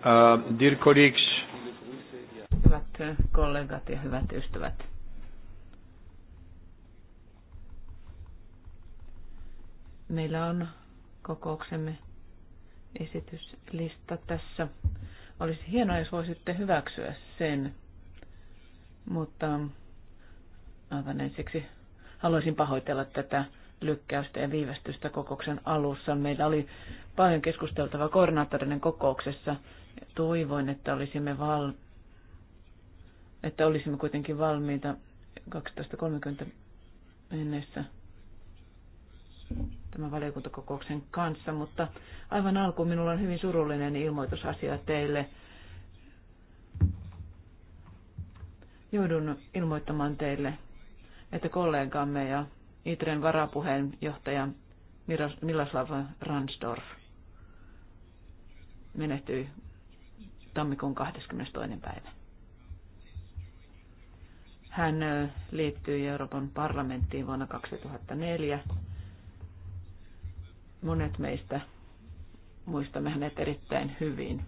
Uh, dear colleagues. Hyvät kollegat ja hyvät ystävät. Meillä on kokouksemme esityslista tässä. Olisi hienoa, jos voisitte hyväksyä sen, mutta aivan ensiksi haluaisin pahoitella tätä lykkäystä ja viivästystä kokouksen alussa. Meillä oli paljon keskusteltava koordinaattorinen kokouksessa toivoin, että olisimme, val, että olisimme kuitenkin valmiita 12.30 mennessä tämän valiokuntakokouksen kanssa, mutta aivan alkuun minulla on hyvin surullinen ilmoitusasia teille. Joudun ilmoittamaan teille, että kollegamme ja ITREn varapuheenjohtaja Miroslav Ransdorf menehtyi tammikuun 22. päivä. Hän liittyi Euroopan parlamenttiin vuonna 2004. Monet meistä muistamme hänet erittäin hyvin.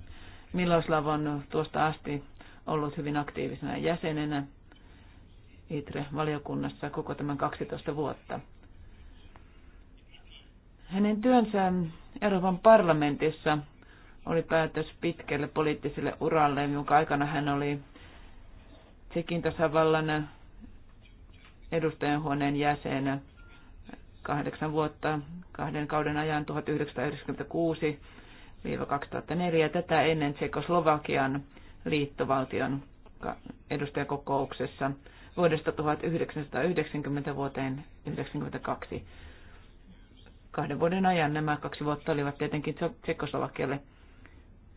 Miloslav on tuosta asti ollut hyvin aktiivisena jäsenenä ITRE-valiokunnassa koko tämän 12 vuotta. Hänen työnsä Euroopan parlamentissa – oli päätös pitkälle poliittiselle uralle, jonka aikana hän oli Tsekin tasavallan edustajanhuoneen jäsenä kahdeksan vuotta kahden kauden ajan 1996-2004 tätä ennen Tsekoslovakian liittovaltion edustajakokouksessa vuodesta 1990 vuoteen 1992. Kahden vuoden ajan nämä kaksi vuotta olivat tietenkin Tsekoslovakialle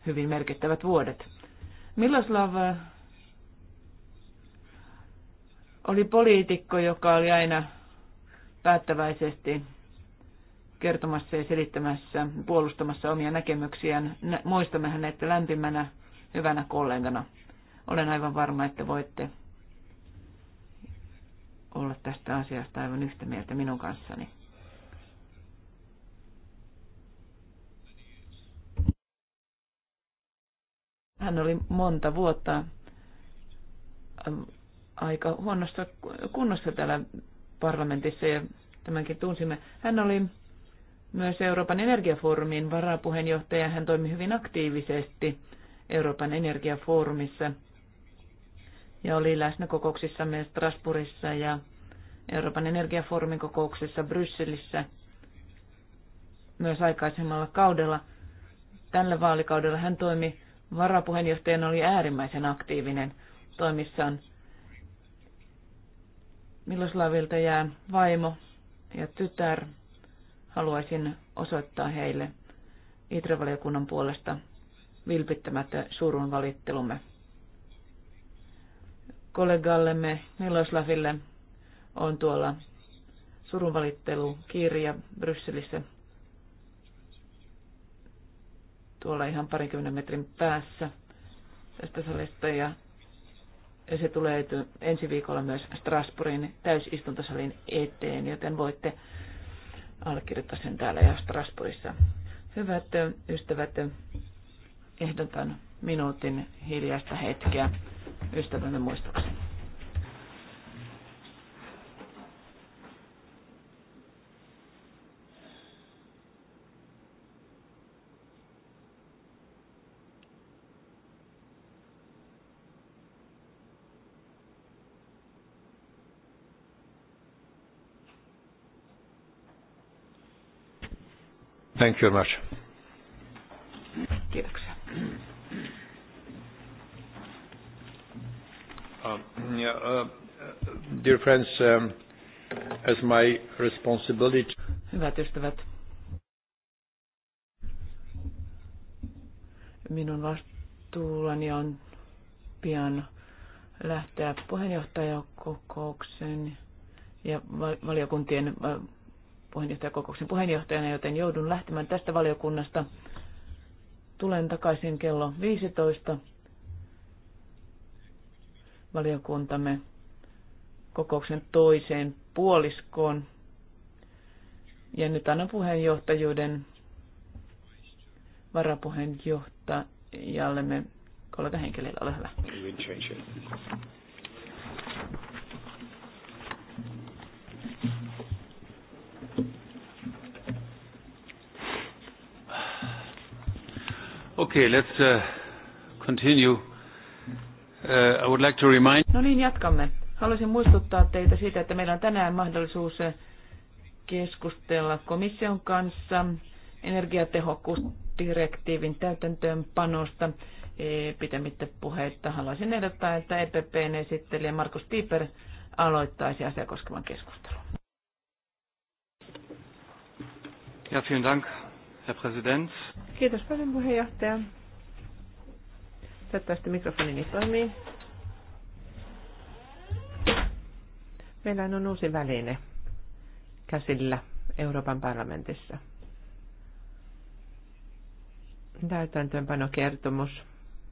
hyvin merkittävät vuodet. Miloslav äh, oli poliitikko, joka oli aina päättäväisesti kertomassa ja selittämässä, puolustamassa omia näkemyksiään. Muistamme hänet lämpimänä, hyvänä kollegana. Olen aivan varma, että voitte olla tästä asiasta aivan yhtä mieltä minun kanssani. Hän oli monta vuotta ähm, aika huonossa kunnossa täällä parlamentissa ja tämänkin tunsimme. Hän oli myös Euroopan energiafoorumin varapuheenjohtaja. Hän toimi hyvin aktiivisesti Euroopan energiafoorumissa ja oli läsnä kokouksissamme Strasbourgissa ja Euroopan energiafoorumin kokouksessa Brysselissä myös aikaisemmalla kaudella. Tällä vaalikaudella hän toimi varapuheenjohtajana oli äärimmäisen aktiivinen toimissaan. Miloslavilta jää vaimo ja tytär. Haluaisin osoittaa heille Itrevaliokunnan puolesta vilpittämättä surun valittelumme. Kollegallemme Miloslaville on tuolla surunvalittelukirja Brysselissä tuolla ihan parinkymmenen metrin päässä tästä salista ja se tulee ensi viikolla myös Strasbourgin täysistuntosalin eteen, joten voitte allekirjoittaa sen täällä ja Strasbourgissa. Hyvät ystävät, ehdotan minuutin hiljaista hetkeä ystävämme muistoksi. Thank you very much. Kiitoksia. Um, uh, dear friends, um, as my responsibility. Hyvät ystävät, minun vastuullani on pian lähteä puheenjohtajakokouksen ja valiokuntien puheenjohtajakokouksen puheenjohtajana, joten joudun lähtemään tästä valiokunnasta. Tulen takaisin kello 15. Valiokuntamme kokouksen toiseen puoliskoon. Ja nyt annan puheenjohtajuuden varapuheenjohtajallemme kollega henkilöllä. Ole hyvä. Okay, let's uh, continue. Uh, I would like to remind... No niin, jatkamme. Haluaisin muistuttaa teitä siitä, että meillä on tänään mahdollisuus äh, keskustella komission kanssa energiatehokkuusdirektiivin täytäntöönpanosta. E, Pitämättä puheita haluaisin ehdottaa, että EPPn esittelijä Markus Tiiper aloittaisi asiaa koskevan keskustelun. Ja, vielen Dank, Herr Präsident. Kiitos paljon puheenjohtaja. Toivottavasti mikrofonini niin toimii. Meillä on uusi väline käsillä Euroopan parlamentissa. Täytäntöönpanokertomus,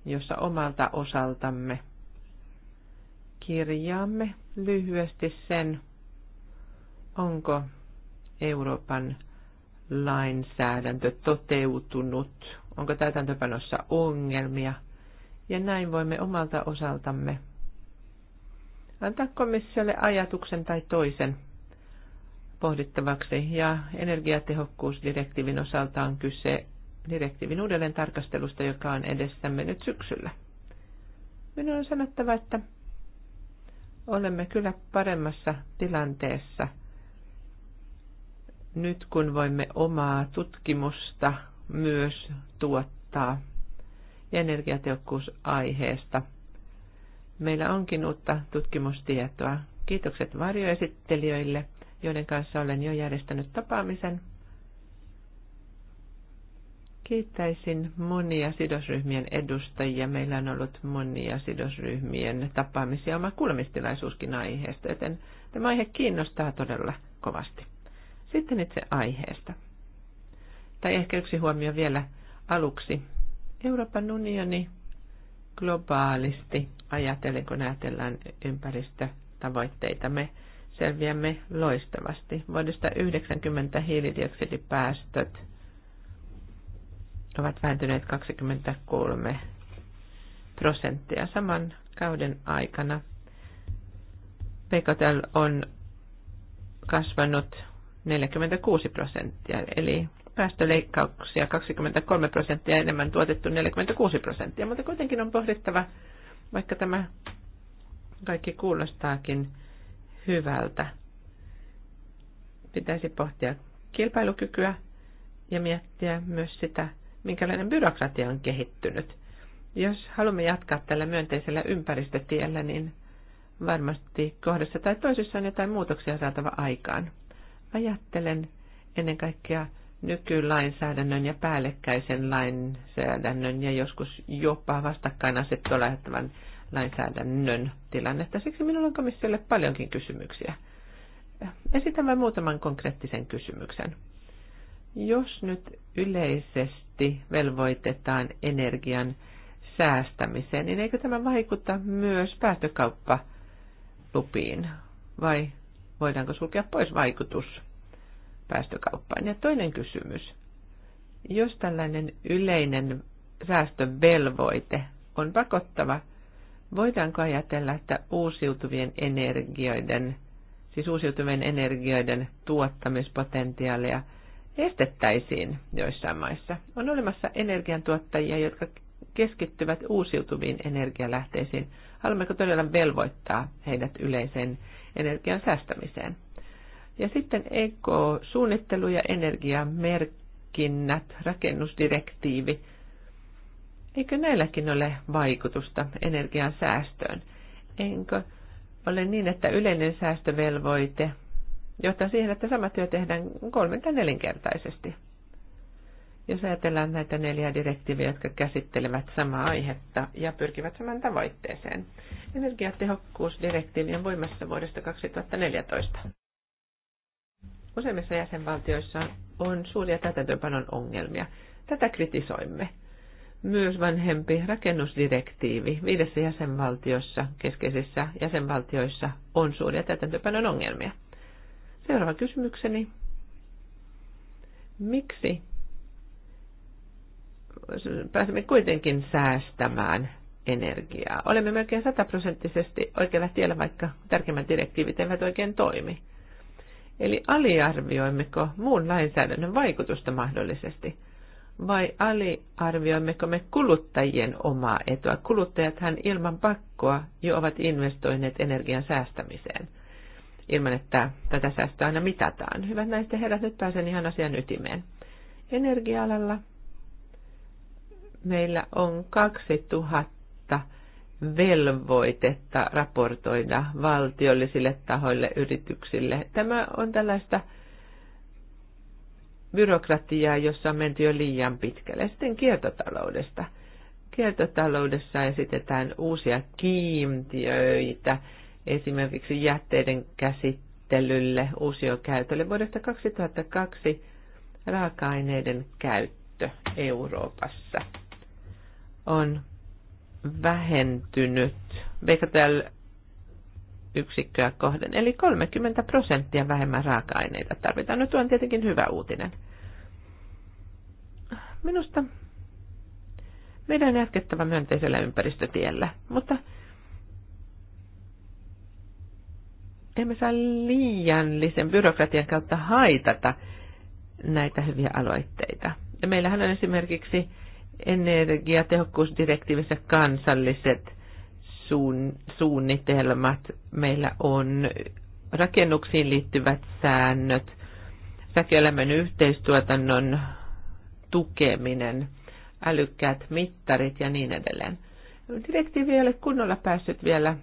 jossa omalta osaltamme kirjaamme lyhyesti sen, onko Euroopan lainsäädäntö toteutunut, onko täytäntöpanossa ongelmia. Ja näin voimme omalta osaltamme antaa komissiolle ajatuksen tai toisen pohdittavaksi. Ja energiatehokkuusdirektiivin osalta on kyse direktiivin uudelleen tarkastelusta, joka on edessämme nyt syksyllä. Minun on sanottava, että olemme kyllä paremmassa tilanteessa – nyt kun voimme omaa tutkimusta myös tuottaa energiatehokkuusaiheesta. Meillä onkin uutta tutkimustietoa. Kiitokset varjoesittelijöille, joiden kanssa olen jo järjestänyt tapaamisen. Kiittäisin monia sidosryhmien edustajia. Meillä on ollut monia sidosryhmien tapaamisia, oma kuulemistilaisuuskin aiheesta, joten tämä aihe kiinnostaa todella kovasti. Sitten itse aiheesta. Tai ehkä yksi huomio vielä aluksi. Euroopan unioni globaalisti ajatellen, kun ajatellaan ympäristötavoitteita, me selviämme loistavasti. Vuodesta 90 hiilidioksidipäästöt ovat vähentyneet 23 prosenttia saman kauden aikana. PKTL on kasvanut 46 prosenttia, eli päästöleikkauksia 23 prosenttia enemmän tuotettu 46 prosenttia, mutta kuitenkin on pohdittava, vaikka tämä kaikki kuulostaakin hyvältä, pitäisi pohtia kilpailukykyä ja miettiä myös sitä, minkälainen byrokratia on kehittynyt. Jos haluamme jatkaa tällä myönteisellä ympäristötiellä, niin varmasti kohdassa tai toisessa on jotain muutoksia saatava aikaan. Ajattelen ennen kaikkea nykylainsäädännön ja päällekkäisen lainsäädännön ja joskus jopa vastakkainasettua lähettävän lainsäädännön tilannetta. Siksi minulla on komissiolle paljonkin kysymyksiä. Esitän vain muutaman konkreettisen kysymyksen. Jos nyt yleisesti velvoitetaan energian säästämiseen, niin eikö tämä vaikuta myös päästökauppalupiin? Vai voidaanko sulkea pois vaikutus päästökauppaan. Ja toinen kysymys. Jos tällainen yleinen säästövelvoite on pakottava, voidaanko ajatella, että uusiutuvien energioiden, siis uusiutuvien energioiden tuottamispotentiaalia estettäisiin joissain maissa? On olemassa energiantuottajia, jotka keskittyvät uusiutuviin energialähteisiin. Haluammeko todella velvoittaa heidät yleiseen energian säästämiseen? Ja sitten EK-suunnittelu ja energiamerkinnät, rakennusdirektiivi. Eikö näilläkin ole vaikutusta energian säästöön? Enkö ole niin, että yleinen säästövelvoite johtaa siihen, että sama työ tehdään kolmen tai nelinkertaisesti? Jos ajatellaan näitä neljää direktiiviä, jotka käsittelevät samaa aihetta ja pyrkivät saman tavoitteeseen. Energiatehokkuusdirektiivien voimassa vuodesta 2014. Useimmissa jäsenvaltioissa on suuria täytäntöönpanon ongelmia. Tätä kritisoimme. Myös vanhempi rakennusdirektiivi viidessä jäsenvaltiossa, keskeisissä jäsenvaltioissa, on suuria täytäntöönpanon ongelmia. Seuraava kysymykseni. Miksi pääsemme kuitenkin säästämään energiaa? Olemme melkein sataprosenttisesti oikealla tiellä, vaikka tärkeimmät direktiivit eivät oikein toimi. Eli aliarvioimmeko muun lainsäädännön vaikutusta mahdollisesti? Vai aliarvioimmeko me kuluttajien omaa etua? Kuluttajathan ilman pakkoa jo ovat investoineet energian säästämiseen, ilman että tätä säästöä aina mitataan. Hyvät naiset ja herrat, nyt pääsen ihan asian ytimeen. Energia-alalla meillä on 2000 velvoitetta raportoida valtiollisille tahoille, yrityksille. Tämä on tällaista byrokratiaa, jossa on menty jo liian pitkälle. Sitten kiertotaloudesta. Kiertotaloudessa esitetään uusia kiintiöitä esimerkiksi jätteiden käsittelylle, uusiokäytölle. Vuodesta 2002 raaka-aineiden käyttö Euroopassa on vähentynyt BKTL-yksikköä kohden, eli 30 prosenttia vähemmän raaka-aineita tarvitaan. Nyt on tietenkin hyvä uutinen. Minusta meidän on jatkettava myönteisellä ympäristötiellä, mutta emme saa liiallisen byrokratian kautta haitata näitä hyviä aloitteita. Ja meillähän on esimerkiksi energiatehokkuusdirektiivissä kansalliset suun, suunnitelmat. Meillä on rakennuksiin liittyvät säännöt, säkelämän yhteistuotannon tukeminen, älykkäät mittarit ja niin edelleen. Direktiivi ei ole kunnolla päässyt vielä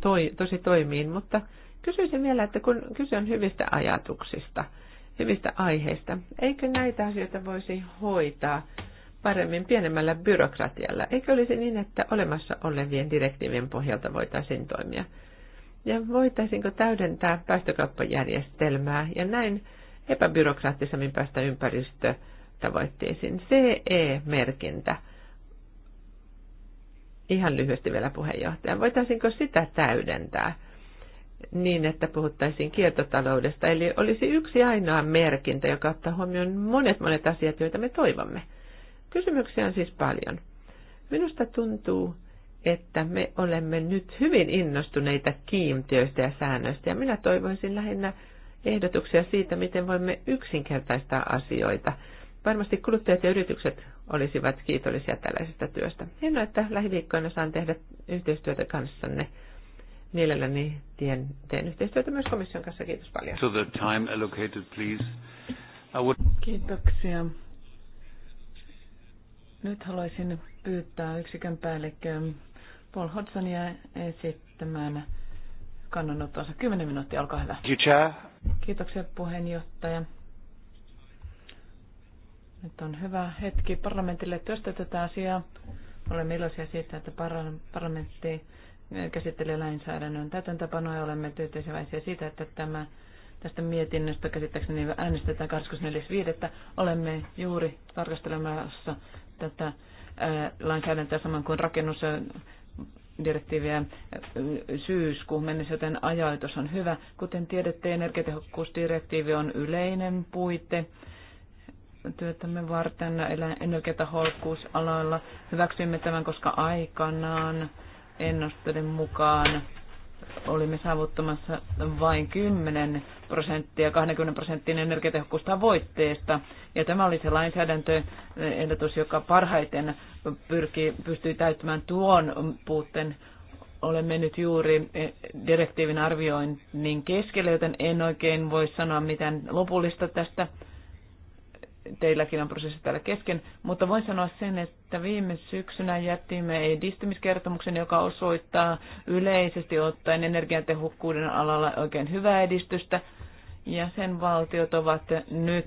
toi, tosi toimiin, mutta kysyisin vielä, että kun kyse on hyvistä ajatuksista, hyvistä aiheista, eikö näitä asioita voisi hoitaa paremmin pienemmällä byrokratialla. Eikö olisi niin, että olemassa olevien direktiivien pohjalta voitaisiin toimia? Ja voitaisiinko täydentää päästökauppajärjestelmää ja näin epäbyrokraattisemmin päästä ympäristötavoitteisiin? CE-merkintä. Ihan lyhyesti vielä puheenjohtaja. Voitaisiinko sitä täydentää niin, että puhuttaisiin kiertotaloudesta? Eli olisi yksi ainoa merkintä, joka ottaa huomioon monet monet asiat, joita me toivomme – Kysymyksiä on siis paljon. Minusta tuntuu, että me olemme nyt hyvin innostuneita kiimtyöstä ja säännöistä, ja minä toivoisin lähinnä ehdotuksia siitä, miten voimme yksinkertaistaa asioita. Varmasti kuluttajat ja yritykset olisivat kiitollisia tällaisesta työstä. Hienoa, että lähiviikkoina saan tehdä yhteistyötä kanssanne. Mielelläni teen, teen yhteistyötä myös komission kanssa. Kiitos paljon. So the time allocated, please. I would... Kiitoksia. Nyt haluaisin pyytää yksikön päällikkö Paul Hodsonia esittämään kannanottonsa. 10 minuuttia, olkaa hyvä. Kiitoksia puheenjohtaja. Nyt on hyvä hetki parlamentille työstä tätä asiaa. Olemme iloisia siitä, että parlamentti käsittelee lainsäädännön täytäntöpanoa ja olemme tyytyväisiä siitä, että tämä, tästä mietinnöstä käsittääkseni äänestetään 24.5. Olemme juuri tarkastelemassa tätä lainsäädäntöä saman kuin rakennusdirektiiviä syyskuun mennessä, joten ajoitus on hyvä. Kuten tiedätte, energiatehokkuusdirektiivi on yleinen puite työtämme varten energiatehokkuusalalla. Hyväksymme tämän, koska aikanaan ennusteiden mukaan olimme saavuttamassa vain 10 prosenttia, 20 prosenttinen energiatehokkuustavoitteesta. Ja tämä oli se lainsäädäntöehdotus, joka parhaiten pyrkii, pystyi täyttämään tuon puutteen. Olemme nyt juuri e, direktiivin arvioinnin keskellä, joten en oikein voi sanoa mitään lopullista tästä teilläkin on prosessi täällä kesken, mutta voin sanoa sen, että viime syksynä jättimme edistymiskertomuksen, joka osoittaa yleisesti ottaen energiatehokkuuden alalla oikein hyvää edistystä. ja valtiot ovat nyt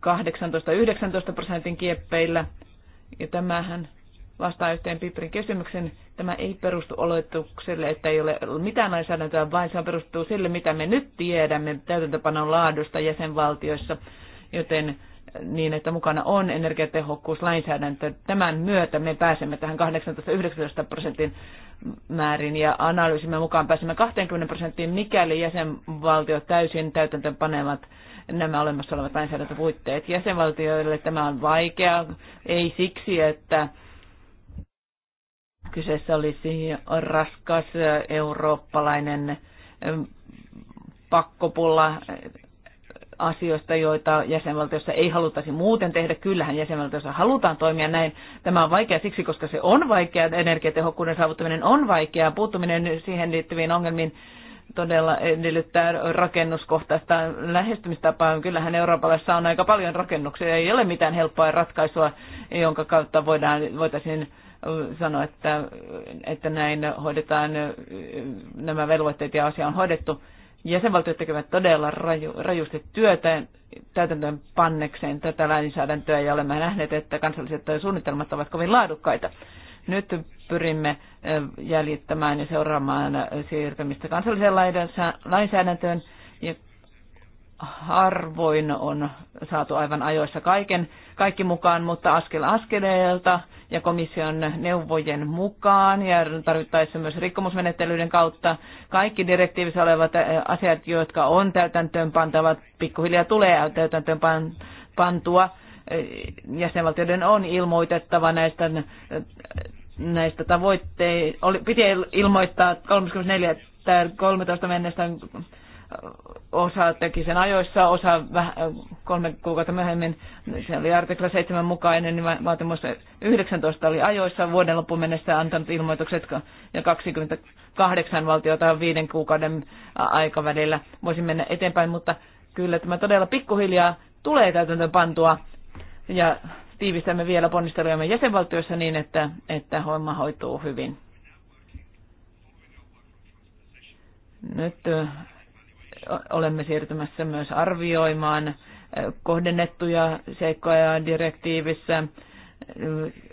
18-19 prosentin kieppeillä, ja tämähän vastaa yhteen Piprin kysymyksen. Tämä ei perustu oletukselle, että ei ole mitään lainsäädäntöä, vaan se perustuu sille, mitä me nyt tiedämme täytäntöpanon laadusta jäsenvaltioissa – joten niin, että mukana on energiatehokkuuslainsäädäntö. Tämän myötä me pääsemme tähän 18-19 prosentin määrin ja analyysimme mukaan pääsemme 20 prosenttiin, mikäli jäsenvaltiot täysin täytäntöön panevat nämä olemassa olevat lainsäädäntöpuitteet. Jäsenvaltioille tämä on vaikea, ei siksi, että kyseessä olisi raskas eurooppalainen pakkopulla asioista, joita jäsenvaltiossa ei haluttaisi muuten tehdä. Kyllähän jäsenvaltiossa halutaan toimia näin. Tämä on vaikea siksi, koska se on vaikea. Energiatehokkuuden saavuttaminen on vaikeaa. Puuttuminen siihen liittyviin ongelmiin todella edellyttää rakennuskohtaista lähestymistapaa. Kyllähän Euroopassa on aika paljon rakennuksia. Ei ole mitään helppoa ratkaisua, jonka kautta voidaan, voitaisiin sanoa, että, että näin hoidetaan nämä velvoitteet ja asia on hoidettu jäsenvaltiot tekevät todella raju, rajusti työtä täytäntöön pannekseen tätä lainsäädäntöä ja olemme nähneet, että kansalliset suunnitelmat ovat kovin laadukkaita. Nyt pyrimme jäljittämään ja seuraamaan siirtymistä kansalliseen lainsäädäntöön harvoin on saatu aivan ajoissa kaiken, kaikki mukaan, mutta askel askeleelta ja komission neuvojen mukaan ja tarvittaessa myös rikkomusmenettelyiden kautta kaikki direktiivissä olevat asiat, jotka on täytäntöön pantavat, pikkuhiljaa tulee täytäntöön pantua. Jäsenvaltioiden on ilmoitettava näistä näistä tavoitteista, piti ilmoittaa 34 13 mennessä osa teki sen ajoissa, osa vähän, kolme kuukautta myöhemmin, se oli artikla 7 mukainen, niin vaatimus 19 oli ajoissa, vuoden loppuun mennessä antanut ilmoitukset ja 28 valtiota viiden kuukauden aikavälillä. Voisin mennä eteenpäin, mutta kyllä tämä todella pikkuhiljaa tulee täytäntöön pantua ja tiivistämme vielä ponnistelujamme jäsenvaltioissa niin, että, että homma hoituu hyvin. Nyt olemme siirtymässä myös arvioimaan kohdennettuja seikkoja direktiivissä.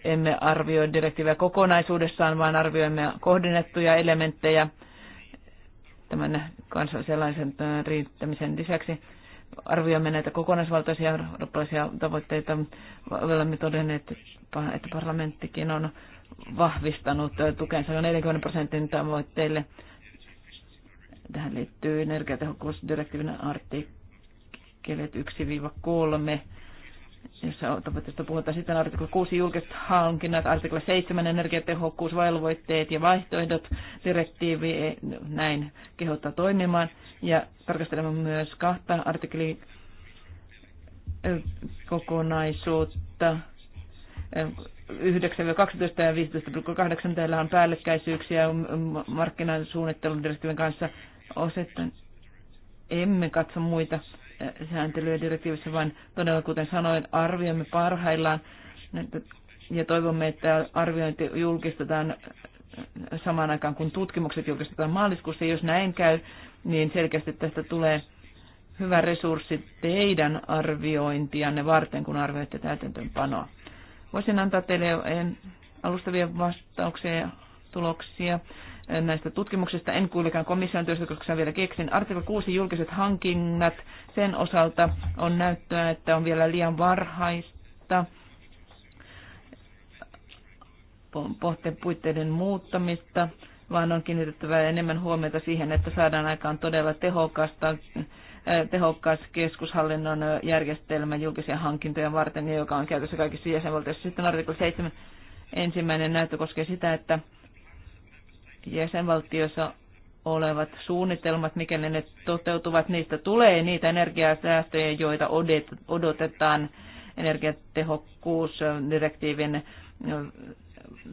Emme arvioi direktiiviä kokonaisuudessaan, vaan arvioimme kohdennettuja elementtejä tämän kansallisen riittämisen lisäksi. Arvioimme näitä kokonaisvaltaisia eurooppalaisia tavoitteita. Olemme todenneet, että parlamenttikin on vahvistanut tukensa 40 prosentin tavoitteille Tähän liittyy energiatehokkuusdirektiivin artikkelit 1-3 jossa tavoitteesta puhutaan sitten artikla 6 julkiset hankinnat, artikla 7 energiatehokkuusvelvoitteet ja vaihtoehdot, direktiivi näin kehottaa toimimaan ja tarkastelemme myös kahta artikli kokonaisuutta 9-12 ja 15,8 täällä on päällekkäisyyksiä markkinasuunnittelun direktiivin kanssa osittain emme katso muita eh, sääntelyjä direktiivissä, vaan todella kuten sanoin, arvioimme parhaillaan ja toivomme, että arviointi julkistetaan eh, samaan aikaan, kun tutkimukset julkistetaan maaliskuussa. Jos näin käy, niin selkeästi tästä tulee hyvä resurssi teidän arviointianne varten, kun arvioitte täytäntöönpanoa. Voisin antaa teille alustavia vastauksia ja tuloksia näistä tutkimuksista. En kuulikaan komission työstä, koska sen vielä keksin. Artikla 6 julkiset hankinnat. Sen osalta on näyttöä, että on vielä liian varhaista pohteen puitteiden muuttamista, vaan on kiinnitettävä enemmän huomiota siihen, että saadaan aikaan todella tehokasta eh, tehokkaas keskushallinnon eh, järjestelmä julkisia hankintoja varten, joka on käytössä kaikissa jäsenvaltioissa. Sitten artikla 7 ensimmäinen näyttö koskee sitä, että jäsenvaltioissa olevat suunnitelmat, mikäli ne toteutuvat, niistä tulee niitä energiasäästöjä, joita odotetaan energiatehokkuusdirektiivin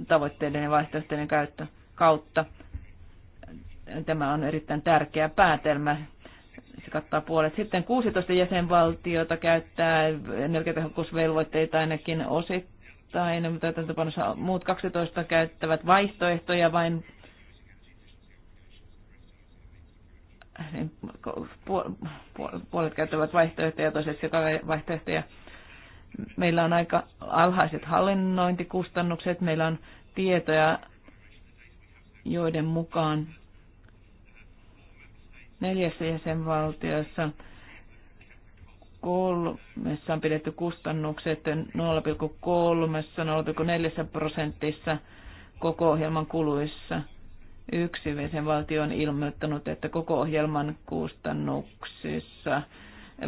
tavoitteiden ja vaihtoehtojen käyttö kautta. Tämä on erittäin tärkeä päätelmä. Se kattaa puolet. Sitten 16 jäsenvaltiota käyttää energiatehokkuusvelvoitteita ainakin osittain. Täytäntöpanossa muut 12 käyttävät vaihtoehtoja vain Niin, puolet käyttävät vaihtoehtoja ja toiset vaihtoehtoja. Meillä on aika alhaiset hallinnointikustannukset, meillä on tietoja, joiden mukaan neljässä jäsenvaltiossa kolmessa on pidetty kustannukset 0,3-0,4 prosentissa koko ohjelman kuluissa – Yksi valtio on ilmoittanut, että koko ohjelman kustannuksissa,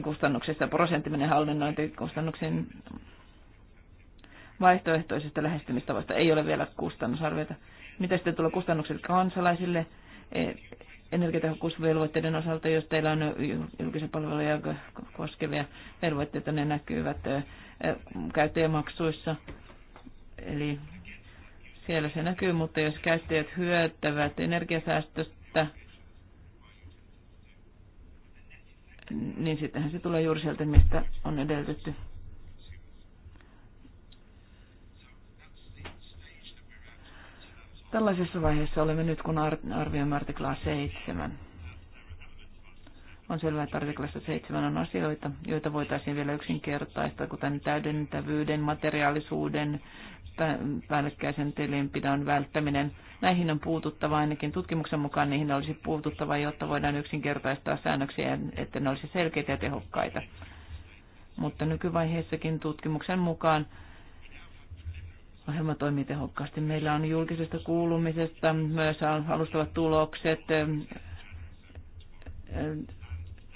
kustannuksissa prosenttiminen menee kustannuksen vaihtoehtoisesta lähestymistavasta. Ei ole vielä kustannusarvioita. Mitä sitten tulee kustannuksille kansalaisille? E, energiatehokkuusvelvoitteiden osalta, jos teillä on julkisen palveluja koskevia velvoitteita, ne näkyvät e, käyttäjämaksuissa. Eli siellä se näkyy, mutta jos käyttäjät hyötyvät energiasäästöstä, niin sittenhän se tulee juuri sieltä, mistä on edellytetty. Tällaisessa vaiheessa olemme nyt, kun arvioimme artiklaa 7. On selvää, että artiklassa 7 on asioita, joita voitaisiin vielä yksinkertaistaa, kuten täydentävyyden, materiaalisuuden, päällekkäisen tilinpidon välttäminen. Näihin on puututtava, ainakin tutkimuksen mukaan niihin olisi puututtava, jotta voidaan yksinkertaistaa säännöksiä, että ne olisi selkeitä ja tehokkaita. Mutta nykyvaiheessakin tutkimuksen mukaan ohjelma toimii tehokkaasti. Meillä on julkisesta kuulumisesta myös alustavat tulokset,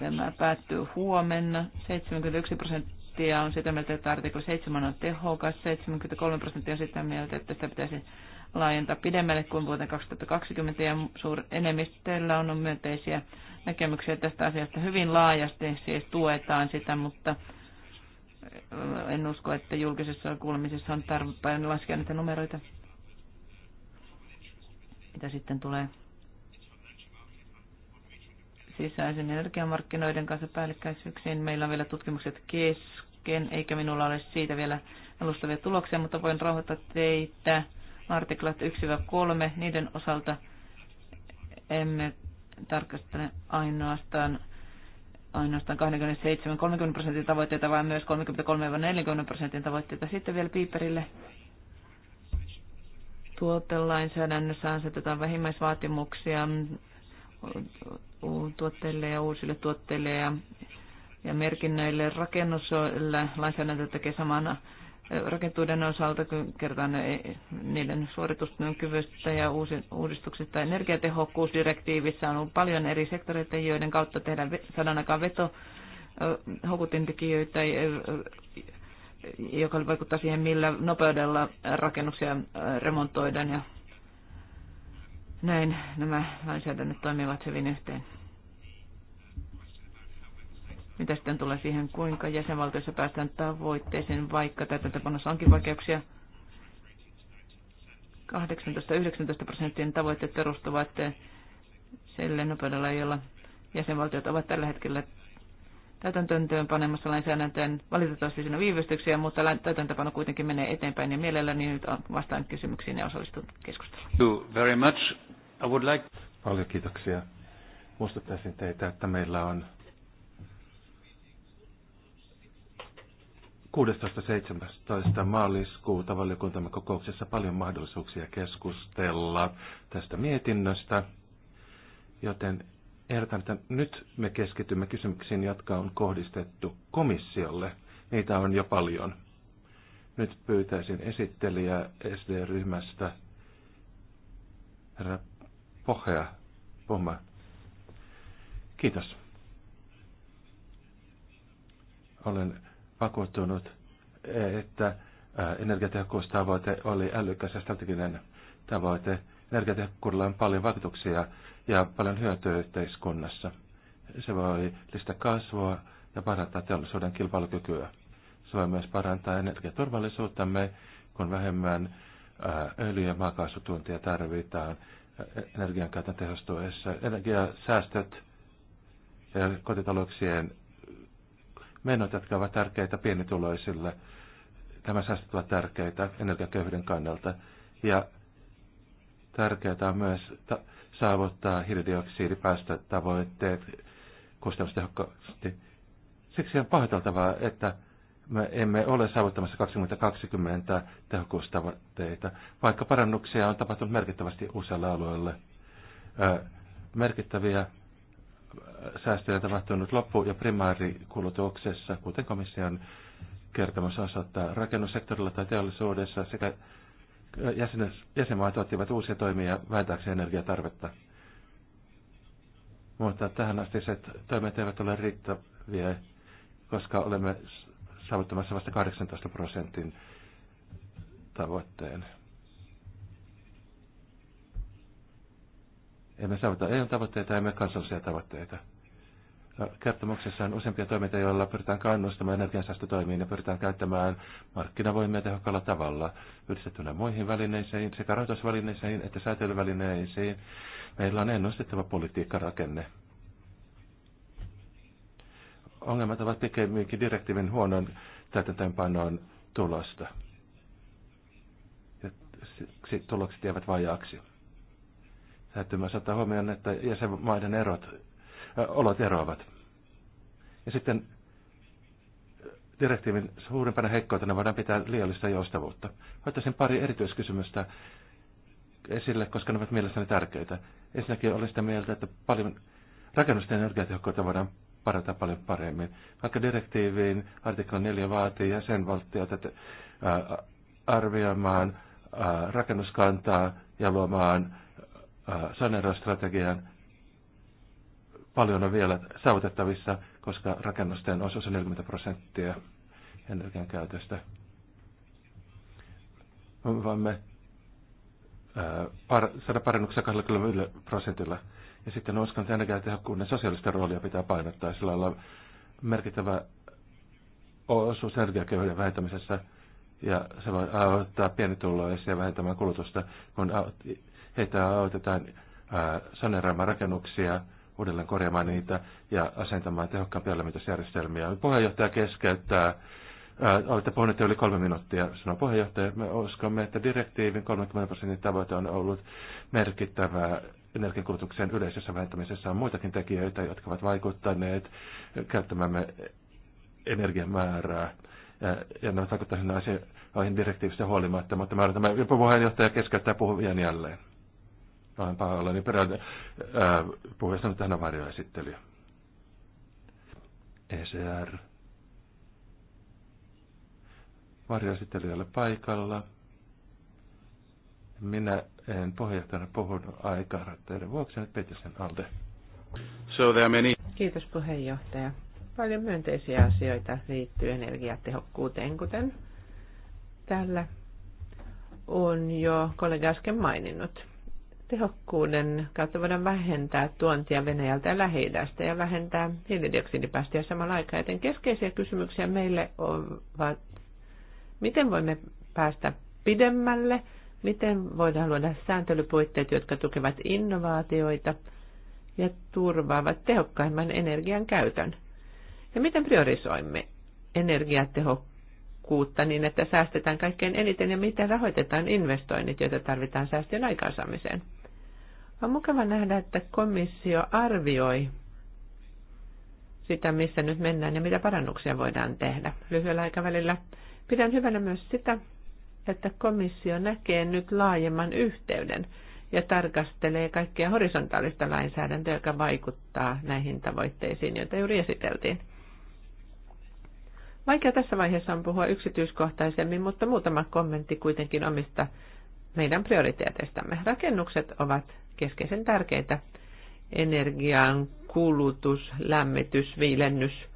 Tämä päättyy huomenna. 71 prosenttia on sitä mieltä, että artikla 7 on tehokas. 73 prosenttia on sitä mieltä, että sitä pitäisi laajentaa pidemmälle kuin vuoteen 2020 ja suur enemmistöllä on myönteisiä näkemyksiä tästä asiasta hyvin laajasti, siis tuetaan sitä, mutta en usko, että julkisessa kuulemisessa on tarpeen laskea niitä numeroita, mitä sitten tulee sisäisen energiamarkkinoiden kanssa päällekkäisyyksiin. Meillä on vielä tutkimukset kesken, eikä minulla ole siitä vielä alustavia tuloksia, mutta voin rauhoittaa teitä artiklat 1-3, niiden osalta emme tarkastele ainoastaan ainoastaan 27-30 prosentin tavoitteita, vaan myös 33-40 prosentin tavoitteita. Sitten vielä piiperille tuotelainsäädännössä asetetaan vähimmäisvaatimuksia tuotteille ja uusille tuotteille ja, ja merkinnöille. lainsäädäntö tekee samana rakentuuden osalta kertaan niiden kyvystä ja uudistuksista. Energiatehokkuusdirektiivissä on ollut paljon eri sektoreita, joiden kautta tehdään sadan aikaan veto houkutintekijöitä, joka vaikuttaa siihen, millä nopeudella rakennuksia remontoidaan ja näin nämä lainsäädännöt toimivat hyvin yhteen. Mitä sitten tulee siihen, kuinka jäsenvaltioissa päästään tavoitteeseen, vaikka täytäntöpanossa onkin vaikeuksia? 18-19 prosenttien tavoitteet perustuvat sille nopeudella, jolla jäsenvaltiot ovat tällä hetkellä täytäntöön panemassa lainsäädäntöön. Valitettavasti siinä on viivystyksiä, mutta täytäntöpano kuitenkin menee eteenpäin ja mielelläni nyt vastaan kysymyksiin ja osallistun keskusteluun. Thank you very much. I would like... Paljon kiitoksia. Muistuttaisin teitä, että meillä on 16.17. maaliskuuta valiokuntamme kokouksessa paljon mahdollisuuksia keskustella tästä mietinnöstä, joten ehdotan, että nyt me keskitymme kysymyksiin, jotka on kohdistettu komissiolle. Niitä on jo paljon. Nyt pyytäisin esittelijää SD-ryhmästä, herra pohja puhumaan. Kiitos. Olen vakuuttunut, että äh, energiatehokkuustavoite oli älykäs ja strateginen tavoite. Energiatehokkuudella on paljon vaikutuksia ja paljon hyötyä yhteiskunnassa. Se voi lisätä kasvua ja parantaa teollisuuden kilpailukykyä. Se voi myös parantaa energiaturvallisuuttamme, kun vähemmän äh, öljy- ja maakaasutuntia tarvitaan käytön tehostuessa, energiasäästöt ja kotitalouksien menot, jotka ovat tärkeitä pienituloisille. Nämä säästöt ovat tärkeitä energiaköyhyyden kannalta. Ja tärkeää on myös ta- saavuttaa hiilidioksidipäästötavoitteet kustannustehokkaasti. Siksi on pahoiteltavaa, että me emme ole saavuttamassa 2020 tehokkuustavoitteita, vaikka parannuksia on tapahtunut merkittävästi usealla alueella. Merkittäviä säästöjä on tapahtunut loppu- ja primaarikulutuksessa, kuten komission kertomus osoittaa rakennussektorilla tai teollisuudessa sekä jäsenmaat ottivat uusia toimia vähentääkseen energiatarvetta. Mutta tähän asti se toimet eivät ole riittäviä, koska olemme saavuttamassa vasta 18 prosentin tavoitteen. Emme saavuta EU-tavoitteita, emme kansallisia tavoitteita. No, kertomuksessa on useampia toimintoja, joilla pyritään kannustamaan energiansäästötoimiin ja pyritään käyttämään markkinavoimia tehokkaalla tavalla yhdistettynä muihin välineisiin, sekä rahoitusvälineisiin että säätelyvälineisiin. Meillä on ennustettava politiikkarakenne. rakenne ongelmat ovat pikemminkin direktiivin huonon täytäntöönpanon tulosta. Ja tulokset jäävät vajaaksi. Täytyy myös ottaa huomioon, että jäsenmaiden erot, äh, olot eroavat. Ja sitten direktiivin suurimpana heikkoutena voidaan pitää liiallista joustavuutta. Ottaisin pari erityiskysymystä esille, koska ne ovat mielestäni tärkeitä. Ensinnäkin olen sitä mieltä, että paljon rakennusten energiatehokkuutta voidaan parata paljon paremmin. Vaikka direktiiviin artikla 4 vaatii ää, arvioimaan rakennuskantaa ja luomaan sanerostrategian, paljon on vielä saavutettavissa, koska rakennusten osuus on 40 prosenttia energian käytöstä. Me me par, saada parannuksia 20 prosentilla. Ja sitten uskon, että energiatehokkuuden sosiaalista roolia pitää painottaa. Sillä on merkittävä osuus energiaköyhyyden vähentämisessä ja se voi auttaa pienituloisia vähentämään kulutusta, kun heitä autetaan saneeraamaan rakennuksia, uudelleen korjaamaan niitä ja asentamaan tehokkaampia lämmitysjärjestelmiä. Puheenjohtaja keskeyttää Äh, olette puhuneet yli kolme minuuttia, sanoi puheenjohtaja. Me uskomme, että direktiivin 30 prosentin tavoite on ollut merkittävää energiankulutuksen yleisessä vähentämisessä. On muitakin tekijöitä, jotka ovat vaikuttaneet käyttämämme energiamäärää. Ja, ne vaikuttavat sinne asioihin direktiivistä huolimatta, mutta mä odotan, jopa puheenjohtaja keskeyttää puhujan jälleen. Olen niin perään puhujasta nyt tähän varjoesittelyä. ECR varjoesittelijöille paikalla. Minä en puheenjohtajana puhunut teidän vuoksi, nyt sen alde. So there many. Kiitos puheenjohtaja. Paljon myönteisiä asioita liittyy energiatehokkuuteen, kuten täällä on jo kollega äsken maininnut. Tehokkuuden kautta voidaan vähentää tuontia Venäjältä ja lähi ja vähentää hiilidioksidipäästöjä samalla aikaa, joten keskeisiä kysymyksiä meille ovat Miten voimme päästä pidemmälle? Miten voidaan luoda sääntelypuitteet, jotka tukevat innovaatioita ja turvaavat tehokkaimman energian käytön? Ja miten priorisoimme energiatehokkuutta niin, että säästetään kaikkein eniten ja miten rahoitetaan investoinnit, joita tarvitaan säästöjen aikaansaamiseen? On mukava nähdä, että komissio arvioi sitä, missä nyt mennään ja mitä parannuksia voidaan tehdä lyhyellä aikavälillä Pidän hyvänä myös sitä, että komissio näkee nyt laajemman yhteyden ja tarkastelee kaikkia horisontaalista lainsäädäntöä, joka vaikuttaa näihin tavoitteisiin, joita juuri esiteltiin. Vaikea tässä vaiheessa on puhua yksityiskohtaisemmin, mutta muutama kommentti kuitenkin omista meidän prioriteeteistamme. Rakennukset ovat keskeisen tärkeitä. Energian kulutus, lämmitys, viilennys –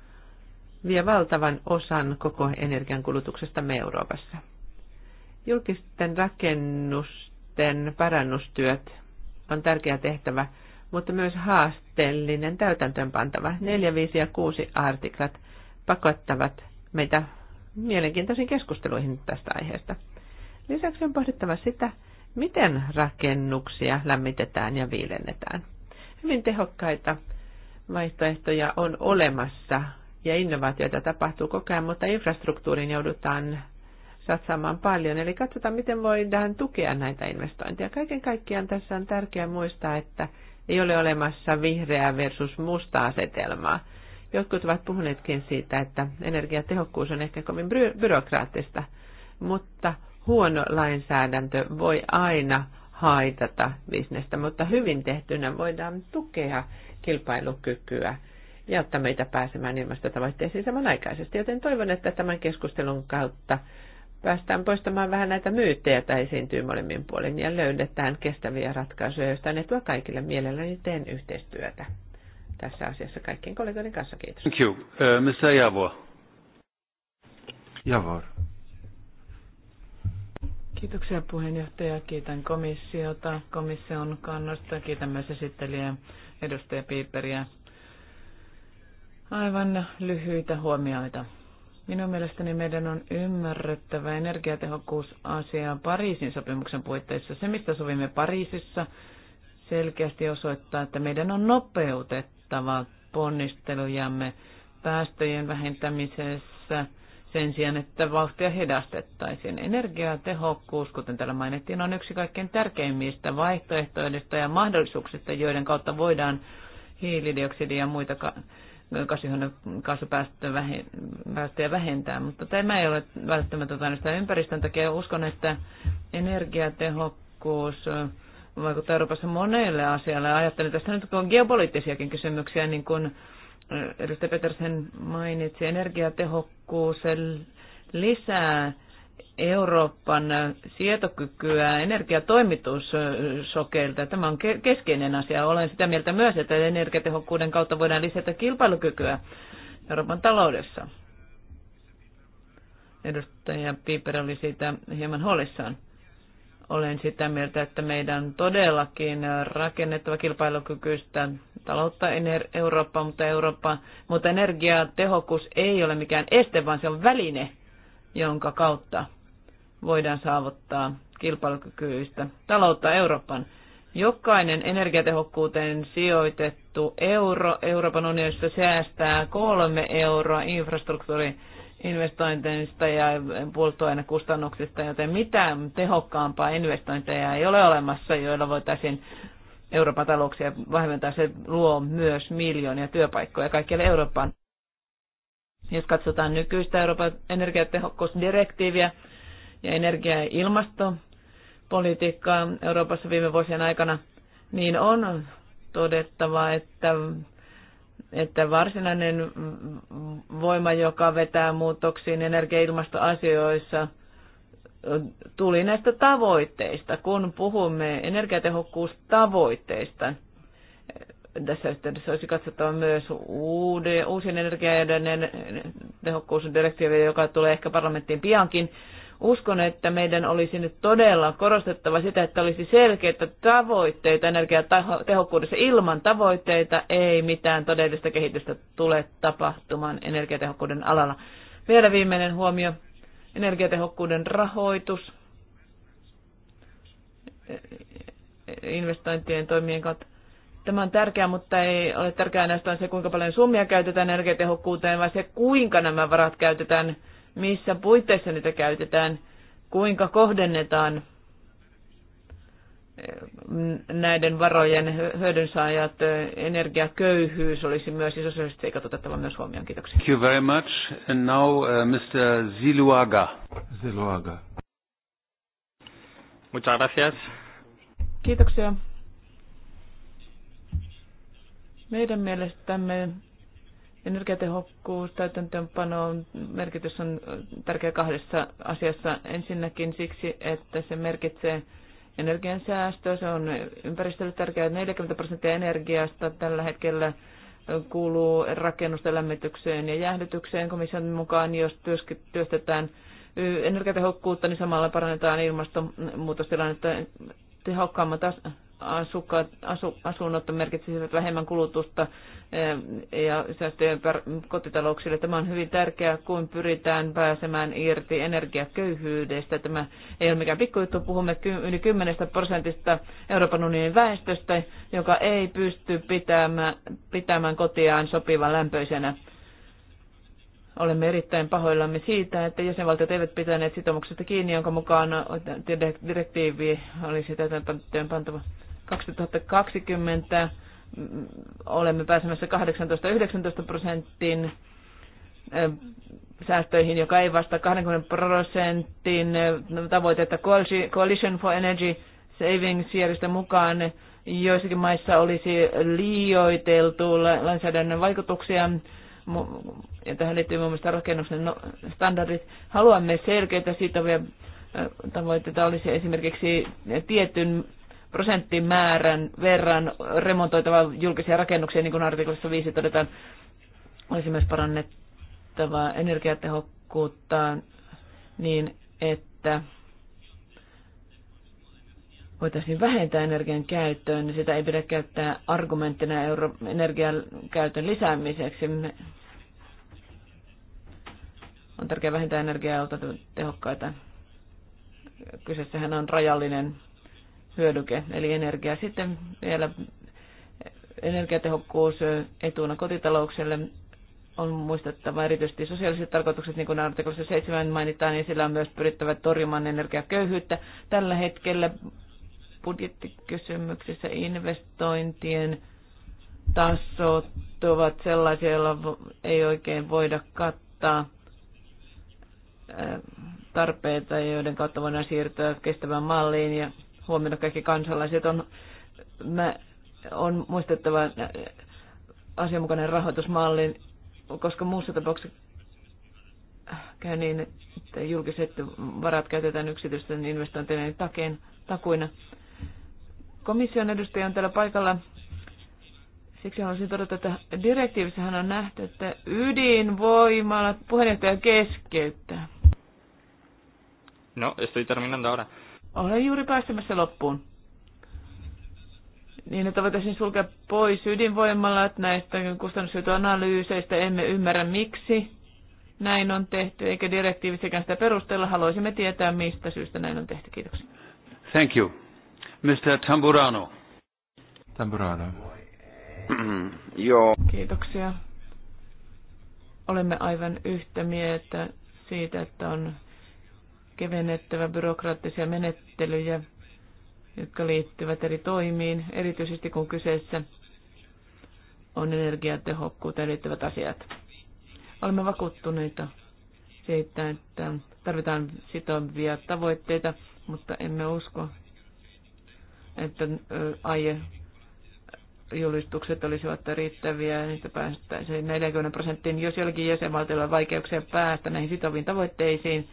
vie valtavan osan koko energiankulutuksesta me Euroopassa. Julkisten rakennusten parannustyöt on tärkeä tehtävä, mutta myös haasteellinen täytäntöönpantava. 4, 5 ja 6 artiklat pakottavat meitä mielenkiintoisiin keskusteluihin tästä aiheesta. Lisäksi on pohdittava sitä, miten rakennuksia lämmitetään ja viilennetään. Hyvin tehokkaita vaihtoehtoja on olemassa ja innovaatioita tapahtuu koko ajan, mutta infrastruktuuriin joudutaan satsaamaan paljon. Eli katsotaan, miten voidaan tukea näitä investointeja. Kaiken kaikkiaan tässä on tärkeää muistaa, että ei ole olemassa vihreää versus mustaa asetelmaa. Jotkut ovat puhuneetkin siitä, että energiatehokkuus on ehkä kovin byrokraattista, mutta huono lainsäädäntö voi aina haitata bisnestä, mutta hyvin tehtynä voidaan tukea kilpailukykyä ja auttaa meitä pääsemään ilmastotavoitteisiin samanaikaisesti. Joten toivon, että tämän keskustelun kautta päästään poistamaan vähän näitä myyttejä, tai esiintyy molemmin puolin, ja löydetään kestäviä ratkaisuja, joista on etua kaikille mielelläni teen yhteistyötä tässä asiassa kaikkien kollegoiden kanssa. Kiitos. Thank you. Uh, Javor. Javor. Kiitoksia puheenjohtaja. Kiitän komissiota, komission kannosta. Kiitän myös esittelijä edustaja Piiperiä Aivan lyhyitä huomioita. Minun mielestäni meidän on ymmärrettävä energiatehokkuusasia Pariisin sopimuksen puitteissa. Se, mistä sovimme Pariisissa, selkeästi osoittaa, että meidän on nopeutettava ponnistelujamme päästöjen vähentämisessä sen sijaan, että vauhtia hidastettaisiin. Energiatehokkuus, kuten täällä mainittiin, on yksi kaikkein tärkeimmistä vaihtoehtoista ja mahdollisuuksista, joiden kautta voidaan hiilidioksidia ja muita kasvihuonekaasupäästöjä vähentää, mutta tämä ei ole välttämättä sitä ympäristön takia. Uskon, että energiatehokkuus vaikuttaa Euroopassa monelle asialle. Ajattelin tässä nyt, kun on geopoliittisiakin kysymyksiä, niin kuin eh, edustaja Petersen mainitsi, energiatehokkuus lisää Euroopan sietokykyä energiatoimitussokeilta. Tämä on keskeinen asia. Olen sitä mieltä myös, että energiatehokkuuden kautta voidaan lisätä kilpailukykyä Euroopan taloudessa. Edustaja Piper oli siitä hieman huolissaan. Olen sitä mieltä, että meidän todellakin rakennettava kilpailukykyistä taloutta Eurooppa, mutta Eurooppa, mutta energiatehokkuus ei ole mikään este, vaan se on väline – jonka kautta voidaan saavuttaa kilpailukykyistä taloutta Euroopan. Jokainen energiatehokkuuteen sijoitettu euro Euroopan unionissa säästää kolme euroa infrastruktuurin investointeista ja polttoainekustannuksista, joten mitään tehokkaampaa investointeja ei ole olemassa, joilla voitaisiin Euroopan talouksia vahventaa. Se luo myös miljoonia työpaikkoja kaikkialle Euroopan. Jos katsotaan nykyistä Euroopan energiatehokkuusdirektiiviä ja energia- ja ilmastopolitiikkaa Euroopassa viime vuosien aikana, niin on todettava, että, että varsinainen voima, joka vetää muutoksiin energia- ja ilmastoasioissa – tuli näistä tavoitteista, kun puhumme energiatehokkuustavoitteista, tässä yhteydessä olisi katsottava myös uuden, uusien energiaiden tehokkuusdirektiivi, joka tulee ehkä parlamenttiin piankin. Uskon, että meidän olisi nyt todella korostettava sitä, että olisi selkeitä tavoitteita energiatehokkuudessa. Ilman tavoitteita ei mitään todellista kehitystä tule tapahtumaan energiatehokkuuden alalla. Vielä viimeinen huomio. Energiatehokkuuden rahoitus investointien toimien kautta Tämä on tärkeää, mutta ei ole tärkeää ainoastaan se, kuinka paljon summia käytetään energiatehokkuuteen, vaan se, kuinka nämä varat käytetään, missä puitteissa niitä käytetään, kuinka kohdennetaan eh, näiden varojen hyödynsaajat, eh, energiaköyhyys olisi myös ja seikat otettava myös huomioon. Kiitoksia. Thank you very much. And now uh, Mr. Ziluaga. Ziluaga. Muchas gracias. Kiitoksia meidän mielestämme energiatehokkuus, täytäntöönpano, merkitys on tärkeä kahdessa asiassa. Ensinnäkin siksi, että se merkitsee energiansäästöä, se on ympäristölle tärkeää. 40 prosenttia energiasta tällä hetkellä kuuluu rakennusten lämmitykseen ja jäähdytykseen komission mukaan, jos työstetään energiatehokkuutta, niin samalla parannetaan ilmastonmuutostilannetta tehokkaamman asukkaat, asu, asunnot merkitsisivät vähemmän kulutusta eh, ja säästöjen kotitalouksille. Tämä on hyvin tärkeää, kun pyritään pääsemään irti energiaköyhyydestä. Tämä ei ole mikään pikkujuttu. Puhumme yli 10 prosentista Euroopan unionin väestöstä, joka ei pysty pitämään, pitämään kotiaan sopivan lämpöisenä. Olemme erittäin pahoillamme siitä, että jäsenvaltiot eivät pitäneet sitoumuksesta kiinni, jonka mukaan direktiivi olisi täytäntöön pantava 2020 olemme pääsemässä 18-19 prosentin säästöihin, joka ei vasta 20 prosentin tavoitetta Coalition for Energy Savings järjestön mukaan. Joissakin maissa olisi liioiteltu lainsäädännön vaikutuksia ja tähän liittyy muun muassa rakennuksen no-, standardit. Haluamme selkeitä sitovia tavoitteita olisi esimerkiksi tietyn prosenttimäärän verran remontoitavaa julkisia rakennuksia, niin kuin artiklassa 5 todetaan, olisi myös parannettava energiatehokkuutta niin, että voitaisiin vähentää energian käyttöön, niin sitä ei pidä käyttää argumenttina euro- energian käytön lisäämiseksi. On tärkeää vähentää energiaa tehokkaita. Kyseessähän on rajallinen hyödyke, eli energia. Sitten vielä energiatehokkuus etuna kotitalouksille on muistettava erityisesti sosiaaliset tarkoitukset, niin kuin artiklassa 7 mainitaan, niin sillä on myös pyrittävä torjumaan energiaköyhyyttä. Tällä hetkellä budjettikysymyksissä investointien tasot ovat sellaisia, joilla ei oikein voida kattaa tarpeita, joiden kautta voidaan siirtyä kestävään malliin ja huomioida kaikki kansalaiset. On, mä, on muistettava asianmukainen rahoitusmalli, koska muussa tapauksessa käy niin, että julkiset varat käytetään yksityisten investointien takeen, takuina. Komission edustaja on täällä paikalla. Siksi haluaisin todeta, että direktiivissähän on nähty, että ydinvoimalla puheenjohtaja keskeyttää. No, estoy terminando ahora. Olen juuri päästämässä loppuun. Niin, että voitaisiin sulkea pois ydinvoimalla, että näistä kustannushyötyanalyyseistä. Emme ymmärrä miksi näin on tehty, eikä direktiivissäkään sitä perustella. Haluaisimme tietää, mistä syystä näin on tehty. Kiitoksia. Thank you. Mr. Tamburano. Tamburano. Joo. Kiitoksia. Olemme aivan yhtä mieltä siitä, että on kevennettävä byrokraattisia menettelyjä, jotka liittyvät eri toimiin, erityisesti kun kyseessä on energiatehokkuuteen liittyvät asiat. Olemme vakuuttuneita siitä, että tarvitaan sitovia tavoitteita, mutta emme usko, että aie julistukset olisivat riittäviä ja niistä päästäisiin 40 prosenttiin. Jos jollakin jäsenvaltiolla on vaikeuksia päästä näihin sitoviin tavoitteisiin,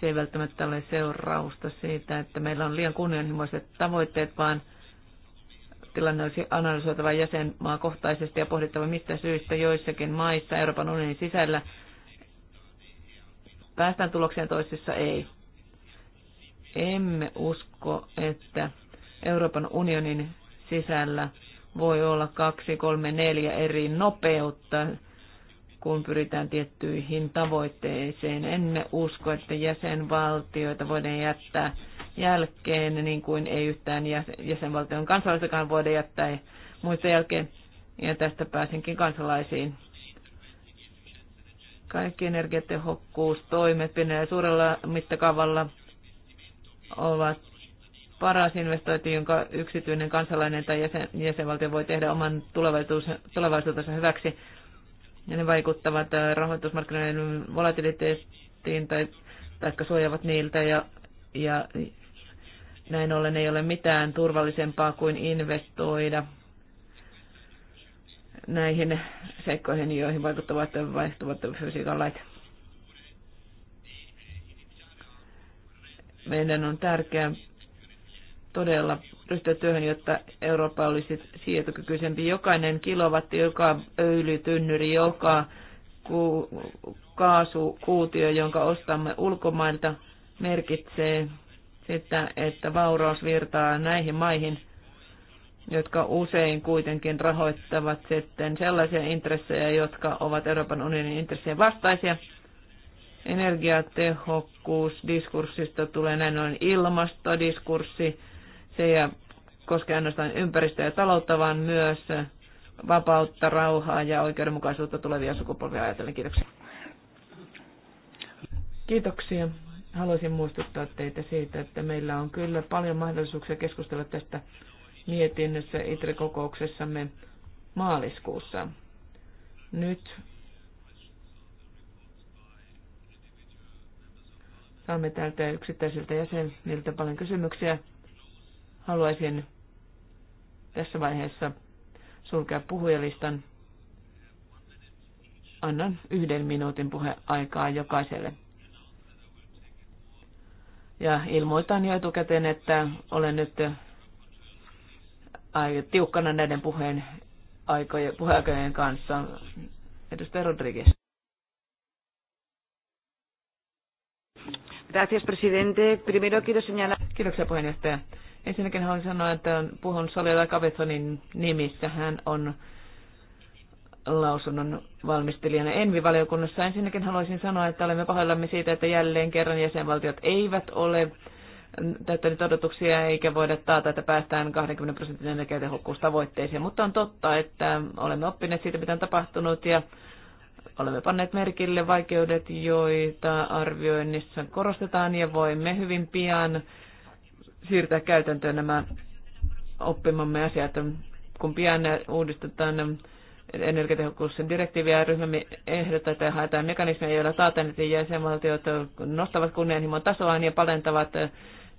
se ei välttämättä ole seurausta siitä, että meillä on liian kunnianhimoiset tavoitteet, vaan tilanne olisi analysoitava jäsenmaakohtaisesti ja pohdittava, mistä syystä joissakin maissa Euroopan unionin sisällä päästään tulokseen toisissa ei. Emme usko, että Euroopan unionin sisällä voi olla kaksi, kolme, neljä eri nopeutta kun pyritään tiettyihin tavoitteisiin. En usko, että jäsenvaltioita voidaan jättää jälkeen, niin kuin ei yhtään jäsenvaltion kansalaisakaan voida jättää muista jälkeen. Ja tästä pääsenkin kansalaisiin. Kaikki energiatehokkuustoimet pienellä ja suurella mittakaavalla ovat paras investointi, jonka yksityinen kansalainen tai jäsen, jäsenvaltio voi tehdä oman tulevaisuutensa hyväksi ja ne vaikuttavat äh, rahoitusmarkkinoiden volatiliteettiin tai tai suojaavat niiltä ja, ja näin ollen ei ole mitään turvallisempaa kuin investoida näihin seikkoihin, joihin vaikuttavat vaihtuvat fysiikan lait. Meidän on tärkeää todella ryhtyä työhön, jotta Eurooppa olisi sietokykyisempi. Jokainen kilowatti, joka öljytynnyri, joka ku, kaasukuutio, jonka ostamme ulkomailta, merkitsee sitä, että vauraus virtaa näihin maihin, jotka usein kuitenkin rahoittavat sitten sellaisia intressejä, jotka ovat Euroopan unionin intressejä vastaisia. Energiatehokkuusdiskurssista tulee näin ollen ilmastodiskurssi, se koskee ainoastaan ympäristöä ja taloutta, vaan myös vapautta, rauhaa ja oikeudenmukaisuutta tulevia sukupolvia ajatellen. Kiitoksia. Kiitoksia. Haluaisin muistuttaa teitä siitä, että meillä on kyllä paljon mahdollisuuksia keskustella tästä mietinnössä ITRE-kokouksessamme maaliskuussa. Nyt saamme täältä yksittäisiltä jäseniltä paljon kysymyksiä. Haluaisin tässä vaiheessa sulkea puhujalistan. Annan yhden minuutin puheaikaa jokaiselle. Ja ilmoitan jo etukäteen, että olen nyt äh, tiukkana näiden puheen aikojen, puheaikojen kanssa. Edustaja Rodriguez. Gracias, presidente. Primero quiero señalar... Kiitoksia puheenjohtaja. Ensinnäkin haluan sanoa, että puhun Solera Cabezonin nimissä. Hän on lausunnon valmistelijana Envi-valiokunnassa. Ensinnäkin haluaisin sanoa, että olemme pahoillamme siitä, että jälleen kerran jäsenvaltiot eivät ole täyttänyt odotuksia eikä voida taata, että päästään 20 prosentin energiatehokkuustavoitteeseen. Mutta on totta, että olemme oppineet siitä, mitä on tapahtunut ja Olemme panneet merkille vaikeudet, joita arvioinnissa korostetaan ja voimme hyvin pian siirtää käytäntöön nämä oppimamme asiat. Kun pian uudistetaan energiatehokkuusdirektiiviä ryhmämme ehdottaa, että haetaan mekanismeja, joilla taataan, että jäsenvaltiot nostavat kunnianhimon tasoaan ja palentavat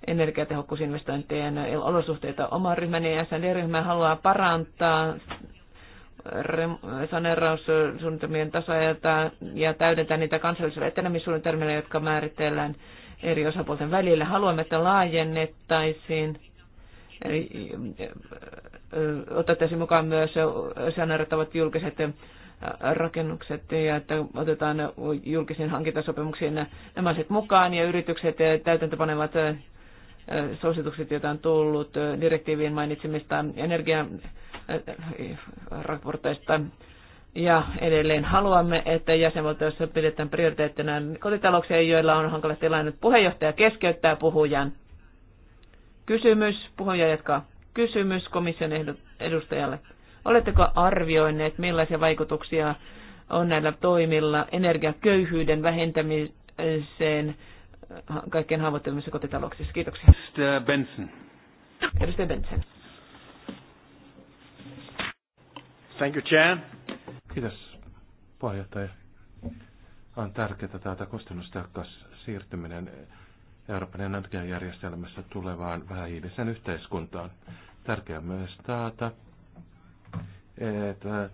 energiatehokkuusinvestointien olosuhteita. Oma ryhmäni ja SND-ryhmä haluaa parantaa saneeraussuunnitelmien tasoa ja täydentää niitä kansallisilla etenemissuunnitelmilla, jotka määritellään eri osapuolten välillä. Haluamme, että laajennettaisiin, otettaisiin mukaan myös saneerattavat julkiset rakennukset ja että otetaan julkisiin hankintasopimuksiin nämä sitten mukaan ja yritykset täytäntöpanevat suositukset, joita on tullut direktiiviin mainitsemista energian raporteista. Ja edelleen haluamme, että jäsenvaltioissa pidetään prioriteettina kotitalouksia, joilla on hankala tilanne. Puheenjohtaja keskeyttää puhujan. Kysymys, puhuja jatkaa. Kysymys komission edustajalle. Oletteko arvioineet, millaisia vaikutuksia on näillä toimilla energiaköyhyyden vähentämiseen kaikkein haavoittuvimmissa kotitalouksissa? Kiitoksia. Benson. Edustaja Benson. Thank you, Chair. Kiitos, puheenjohtaja. On tärkeää tätä kustannustehokas siirtyminen Euroopan energiajärjestelmässä tulevaan vähähiiliseen yhteiskuntaan. Tärkeää myös taata, että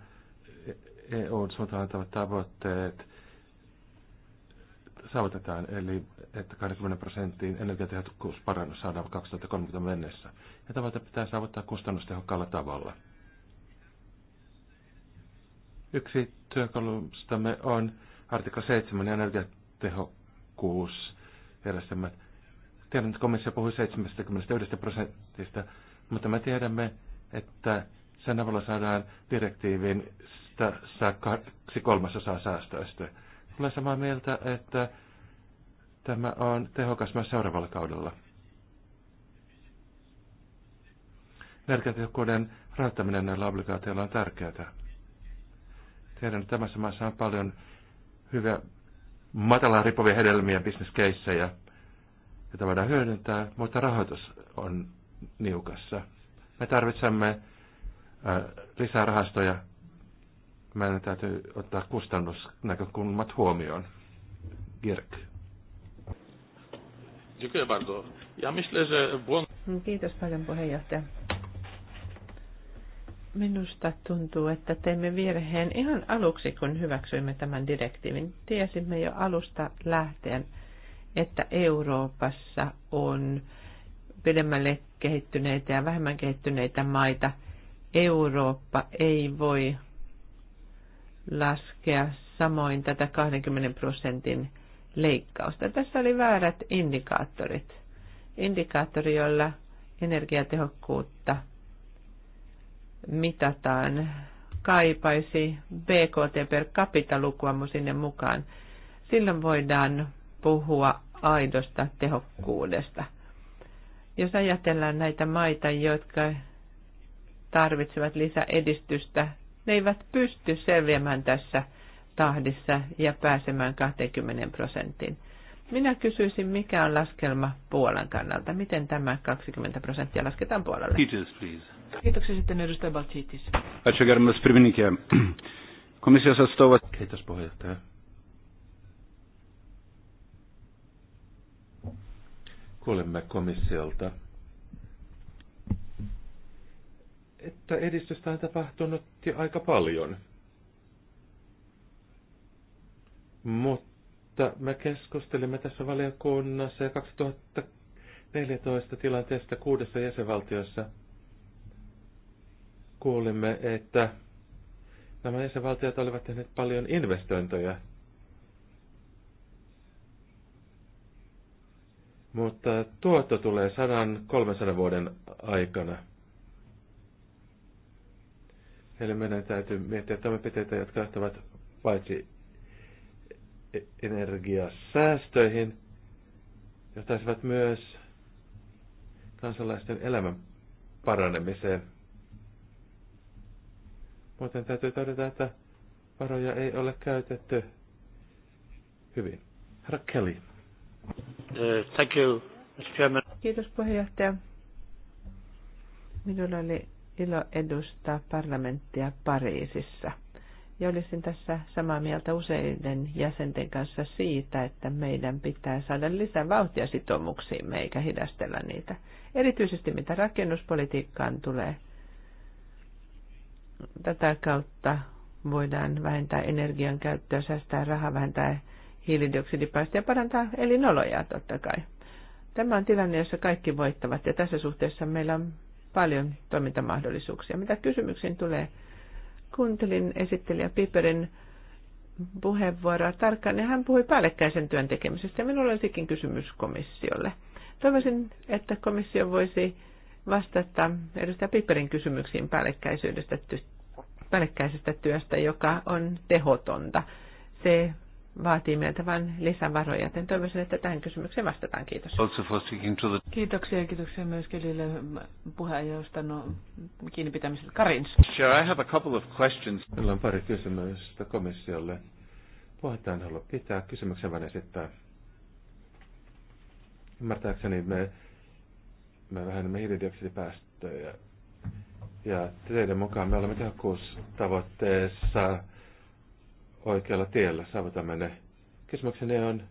EUn suuntaan antavat tavoitteet saavutetaan, eli että 20 prosenttiin energiatehokkuusparannus saadaan 2030 mennessä. Ja tavoite pitää saavuttaa kustannustehokkaalla tavalla. Yksi työkalustamme on artikla 7 energiatehokkuusjärjestelmät. Tiedän, että komissio puhui 71 prosentista, mutta me tiedämme, että sen avulla saadaan direktiivin saa kaksi kolmasosaa säästöistä. Olen samaa mieltä, että tämä on tehokas myös seuraavalla kaudella. Energiatehokkuuden rahoittaminen näillä obligaatioilla on tärkeää. Tiedän, että tämässä maassa on paljon hyviä matalaa ripovia hedelmiä, ja joita voidaan hyödyntää, mutta rahoitus on niukassa. Me tarvitsemme lisää rahastoja. Meidän täytyy ottaa kustannusnäkökulmat huomioon. Girk. Ja Kiitos paljon puheenjohtaja. Minusta tuntuu, että teimme virheen ihan aluksi, kun hyväksyimme tämän direktiivin. Tiesimme jo alusta lähtien, että Euroopassa on pidemmälle kehittyneitä ja vähemmän kehittyneitä maita. Eurooppa ei voi laskea samoin tätä 20 prosentin leikkausta. Tässä oli väärät indikaattorit. Indikaattori, jolla energiatehokkuutta – mitataan, kaipaisi BKT per capita lukuamu sinne mukaan. Silloin voidaan puhua aidosta tehokkuudesta. Jos ajatellaan näitä maita, jotka tarvitsevat lisäedistystä, ne eivät pysty selviämään tässä tahdissa ja pääsemään 20 prosenttiin. Minä kysyisin, mikä on laskelma Puolan kannalta? Miten tämä 20 prosenttia lasketaan Puolalle? Details, please. Kiitoksia sitten edustaja Baltsiitis. Ačiū gerbiamas pirmininkė. komissio atstovas. Kiitos puheenjohtaja. Kuulemme komissiolta, että edistystä on tapahtunut jo aika paljon. Mutta me keskustelimme tässä valiokunnassa ja 2014 tilanteesta kuudessa jäsenvaltiossa – kuulimme, että nämä jäsenvaltiot olivat tehneet paljon investointoja. Mutta tuotto tulee 100-300 vuoden aikana. Eli meidän täytyy miettiä toimenpiteitä, jotka johtavat paitsi energiasäästöihin, johtaisivat myös kansalaisten elämän paranemiseen. Muuten täytyy todeta, että varoja ei ole käytetty hyvin. Herra Kelly. Uh, thank you, Mr. Chairman. Kiitos puheenjohtaja. Minulla oli ilo edustaa parlamenttia Pariisissa. Ja olisin tässä samaa mieltä useiden jäsenten kanssa siitä, että meidän pitää saada lisää vauhtia sitoumuksiimme eikä hidastella niitä. Erityisesti mitä rakennuspolitiikkaan tulee – Tätä kautta voidaan vähentää energian käyttöä, säästää rahaa, vähentää hiilidioksidipäästöjä ja parantaa elinoloja totta kai. Tämä on tilanne, jossa kaikki voittavat ja tässä suhteessa meillä on paljon toimintamahdollisuuksia. Mitä kysymyksiin tulee? Kuuntelin esittelijä Piperin puheenvuoroa tarkkaan ja hän puhui päällekkäisen työn tekemisestä. Minulla olisikin kysymys komissiolle. Toivoisin, että komissio voisi vastata edustaja Piperin kysymyksiin päällekkäisyydestä, päällekkäisestä työstä, joka on tehotonta. Se vaatii meiltä vain lisävaroja, joten toivoisin, että tähän kysymykseen vastataan. Kiitos. Kiitoksia ja kiitoksia myös Kelille puheenjohtajan no, kiinni pitämisestä. Karins. Meillä on pari kysymystä komissiolle. Puheenjohtajan haluaa pitää kysymyksen vain esittää. Ymmärtääkseni me me vähennämme hiilidioksidipäästöjä. Ja teidän mukaan me olemme tehokkuustavoitteessa oikealla tiellä, saavutamme ne. Kysymykseni on,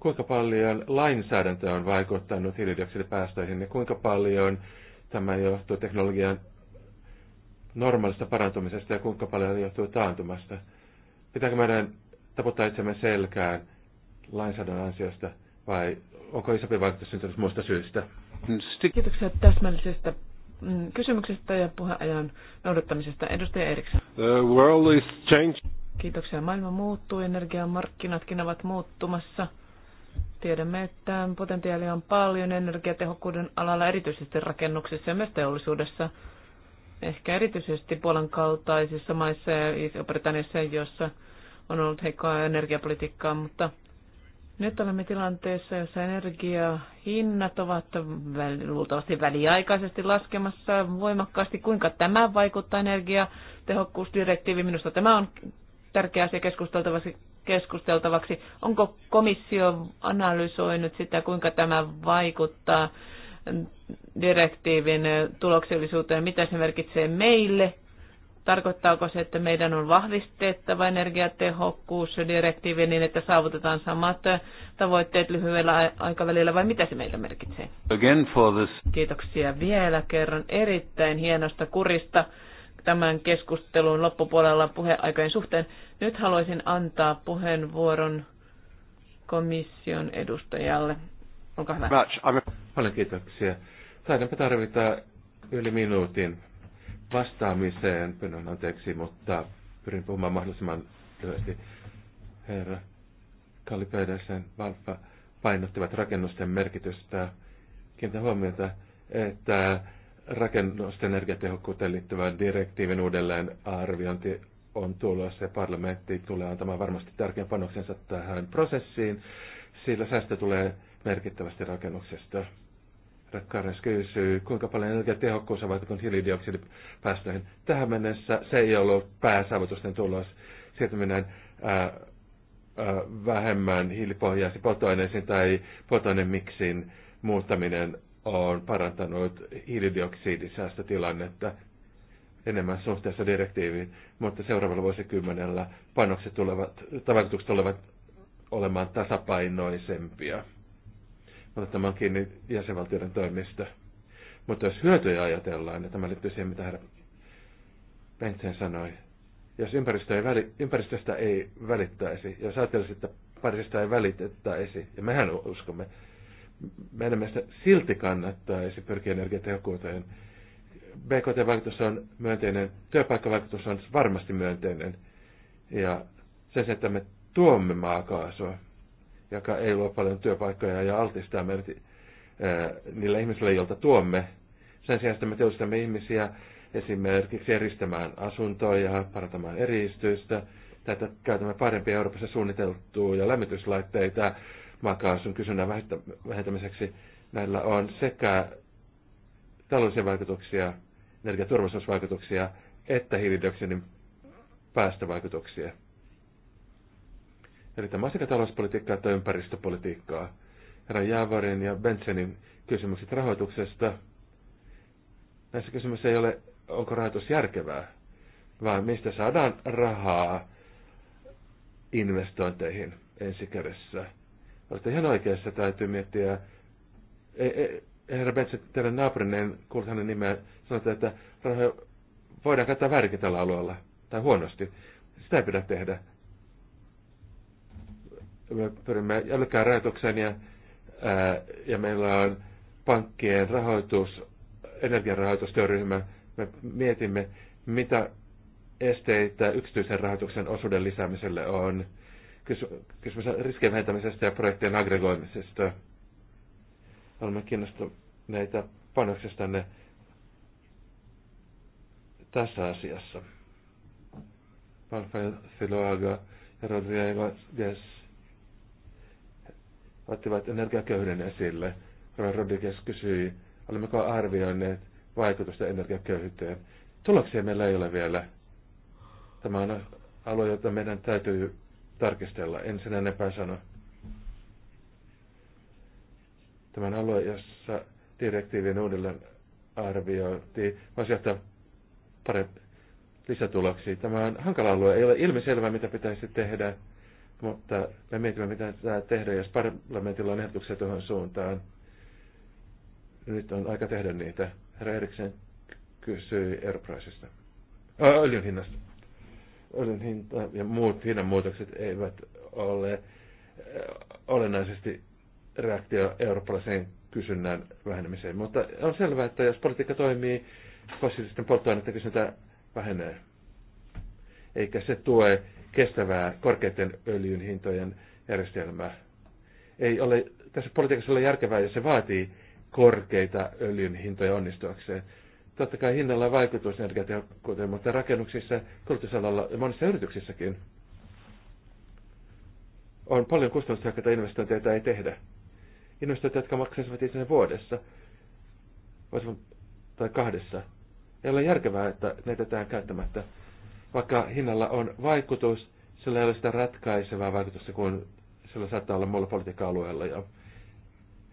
kuinka paljon lainsäädäntö on vaikuttanut hiilidioksidipäästöihin ja kuinka paljon tämä johtuu teknologian normaalista parantumisesta ja kuinka paljon johtuu taantumasta. Pitääkö meidän taputtaa itsemme selkään lainsäädännön ansiosta vai onko isompi vaikutus syntynyt muista syistä? Kiitoksia täsmällisestä mm, kysymyksestä ja puheajan noudattamisesta. Edustaja Eriksson. The world is changing. Kiitoksia. Maailma muuttuu, energiamarkkinatkin ovat muuttumassa. Tiedämme, että potentiaalia on paljon energiatehokkuuden alalla, erityisesti rakennuksissa ja myös teollisuudessa. Ehkä erityisesti Puolan kaltaisissa maissa ja britanniassa jossa on ollut heikkoa energiapolitiikkaa, mutta nyt olemme tilanteessa, jossa energiahinnat ovat luultavasti väliaikaisesti laskemassa voimakkaasti. Kuinka tämä vaikuttaa energiatehokkuusdirektiiviin? Minusta tämä on tärkeä asia keskusteltavaksi. keskusteltavaksi. Onko komissio analysoinut sitä, kuinka tämä vaikuttaa direktiivin tuloksellisuuteen, mitä se merkitsee meille Tarkoittaako se, että meidän on vahvistettava direktiivi niin, että saavutetaan samat tavoitteet lyhyellä aikavälillä vai mitä se meillä merkitsee? Again for this. Kiitoksia vielä kerran erittäin hienosta kurista tämän keskustelun loppupuolella puheaikojen suhteen. Nyt haluaisin antaa puheenvuoron komission edustajalle. Olkaa hyvä. Paljon kiitoksia. Taidanpa tarvita yli minuutin vastaamiseen, pyydän anteeksi, mutta pyrin puhumaan mahdollisimman lyhyesti. Herra Kalli Pedersen, Valppa, painottivat rakennusten merkitystä. Kiinnitän huomiota, että rakennusten energiatehokkuuteen liittyvän direktiivin uudelleen arviointi on tulossa ja parlamentti tulee antamaan varmasti tärkeän panoksensa tähän prosessiin, sillä säästö tulee merkittävästi rakennuksesta kysyy, kuinka paljon energiatehokkuus on vaikuttanut hiilidioksidipäästöihin. Tähän mennessä se ei ollut pääsaavutusten tulos. Siirtyminen ää, ää, vähemmän hiilipohjaisiin polttoaineisiin tai polttoainemiksiin muuttaminen on parantanut hiilidioksidisäästötilannetta enemmän suhteessa direktiiviin, mutta seuraavalla vuosikymmenellä panokset tulevat, vaikutukset tulevat olemaan tasapainoisempia ottamaan kiinni jäsenvaltioiden toimista. Mutta jos hyötyjä ajatellaan, ja tämä liittyy siihen, mitä herra Bentsen sanoi, jos ympäristö ei väli, ympäristöstä ei välittäisi, jos ajattelisi, että parisista ei välitettäisi, ja mehän uskomme, meidän mielestä silti kannattaisi pyrkiä energiatehokkuuteen. BKT-vaikutus on myönteinen, työpaikkavaikutus on varmasti myönteinen, ja sen, että me tuomme maakaasua, joka ei luo paljon työpaikkoja ja altistaa meidät niille ihmisille, joilta tuomme. Sen sijaan, että me teostamme ihmisiä esimerkiksi eristämään asuntoja, parantamaan eristystä, tai että käytämme parempia Euroopassa suunniteltuja lämmityslaitteita maakaasun kysynnän vähentämiseksi. Näillä on sekä taloudellisia vaikutuksia, energiaturvallisuusvaikutuksia, että hiilidioksidin päästövaikutuksia. Eli tämä on sekä talouspolitiikkaa että ympäristöpolitiikkaa. Herran Jäävarin ja Bensenin kysymykset rahoituksesta. Näissä kysymyksissä ei ole, onko rahoitus järkevää, vaan mistä saadaan rahaa investointeihin ensi kädessä. Olette ihan oikeassa, täytyy miettiä. E, e, herra Benson, teidän naapurinne, en hänen nimeä, sanotaan, että rahoja voidaan käyttää väärinkin tällä alueella, tai huonosti. Sitä ei pidä tehdä me pyrimme jälkeen rajoitukseen ja, ää, ja meillä on pankkien rahoitus, energiarahoitustyöryhmä. Me mietimme, mitä esteitä yksityisen rahoituksen osuuden lisäämiselle on. Kysymys on riskien vähentämisestä ja projektien aggregoimisesta. Olemme kiinnostuneita panoksestanne tässä asiassa. Palfa Siloaga ja Rodriguez ottivat energiaköyhyyden esille. Rodriguez kysyi, olemmeko arvioineet vaikutusta energiaköyhyyteen. Tuloksia meillä ei ole vielä. Tämä on alue, jota meidän täytyy tarkistella. En sen enempää sano. Tämä on alue, jossa direktiivin uudelleen arviointi voisi johtaa parempi lisätuloksia. Tämä on hankala alue. Ei ole ilmiselvää, mitä pitäisi tehdä mutta me mietimme, mitä tämä tehdä, jos parlamentilla on ehdotuksia tuohon suuntaan. Nyt on aika tehdä niitä. Herra Eriksen kysyi Airpricesta. öljyn hinnasta. Öljyn hinta ja muut hinnanmuutokset eivät ole olennaisesti reaktio eurooppalaiseen kysynnän vähenemiseen. Mutta on selvää, että jos politiikka toimii, fossiilisten polttoaineiden kysyntä vähenee. Eikä se tue kestävää korkeiden öljyn hintojen järjestelmää. Ei ole, tässä politiikassa ole järkevää, jos se vaatii korkeita öljyn hintoja onnistuakseen. Totta kai hinnalla on vaikutus energiatehokkuuteen, mutta rakennuksissa, kulutusalalla ja monissa yrityksissäkin on paljon kustannustehokkaita investointeja, ei tehdä. Investointeja, jotka maksaisivat itse vuodessa tai kahdessa. Ei ole järkevää, että ne jätetään käyttämättä. Vaikka hinnalla on vaikutus, sillä ei ole sitä ratkaisevaa vaikutusta kun sillä saattaa olla muilla politiikka-alueilla. Ja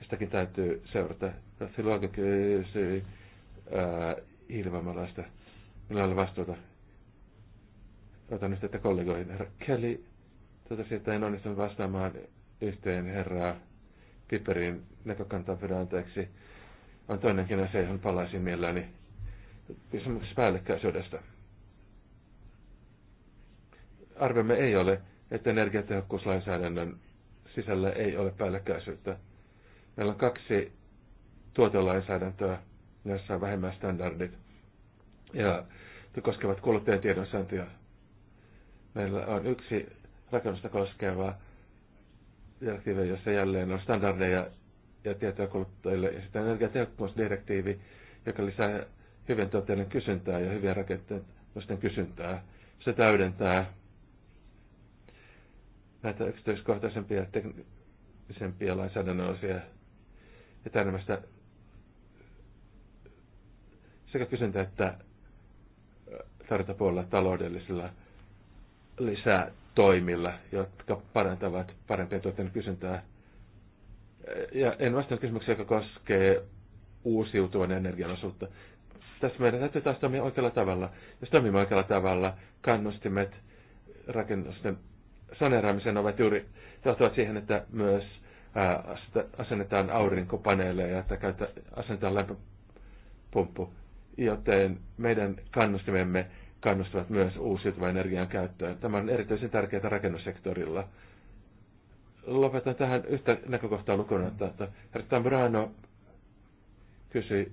sitäkin täytyy seurata. Silloin kysyi ilmamalaista, millä oli vastuuta. Otan yhteyttä kollegoihin. Herra Kelly totesi, että en onnistunut vastaamaan yhteen herraa Piperin näkökantaan pyydän anteeksi. On toinenkin asia, johon palaisin mielelläni kysymyksessä päällekkäisyydestä arvemme ei ole, että energiatehokkuuslainsäädännön sisällä ei ole päällekkäisyyttä. Meillä on kaksi tuotelainsäädäntöä, joissa on vähemmän standardit, ja ne koskevat tiedonsaantia. Meillä on yksi rakennusta koskeva direktiivi, jossa jälleen on standardeja ja tietoja kuluttajille, ja sitten energiatehokkuusdirektiivi, joka lisää hyvien tuotteiden kysyntää ja hyvien rakenteiden kysyntää. Se täydentää näitä yksityiskohtaisempia teknisempiä lainsäädännön osia ja tämmöistä sekä kysyntä että äh, tarjontapuolella taloudellisilla lisätoimilla, jotka parantavat parempia tuotteiden kysyntää. Ja en vastannut kysymyksiä, joka koskee uusiutuvan energian osuutta. Tässä meidän täytyy taas toimia oikealla tavalla. Jos toimimme oikealla tavalla, kannustimet rakennusten saneeraamisen ovat juuri johtavat siihen, että myös asennetaan aurinkopaneeleja ja että käytä, asennetaan lämpöpumppu, joten meidän kannustimemme kannustavat myös uusiutuvan energian käyttöön. Tämä on erityisen tärkeää rakennussektorilla. Lopetan tähän yhtä näkökohtaa lukuun, että Herra Tambrano kysyi,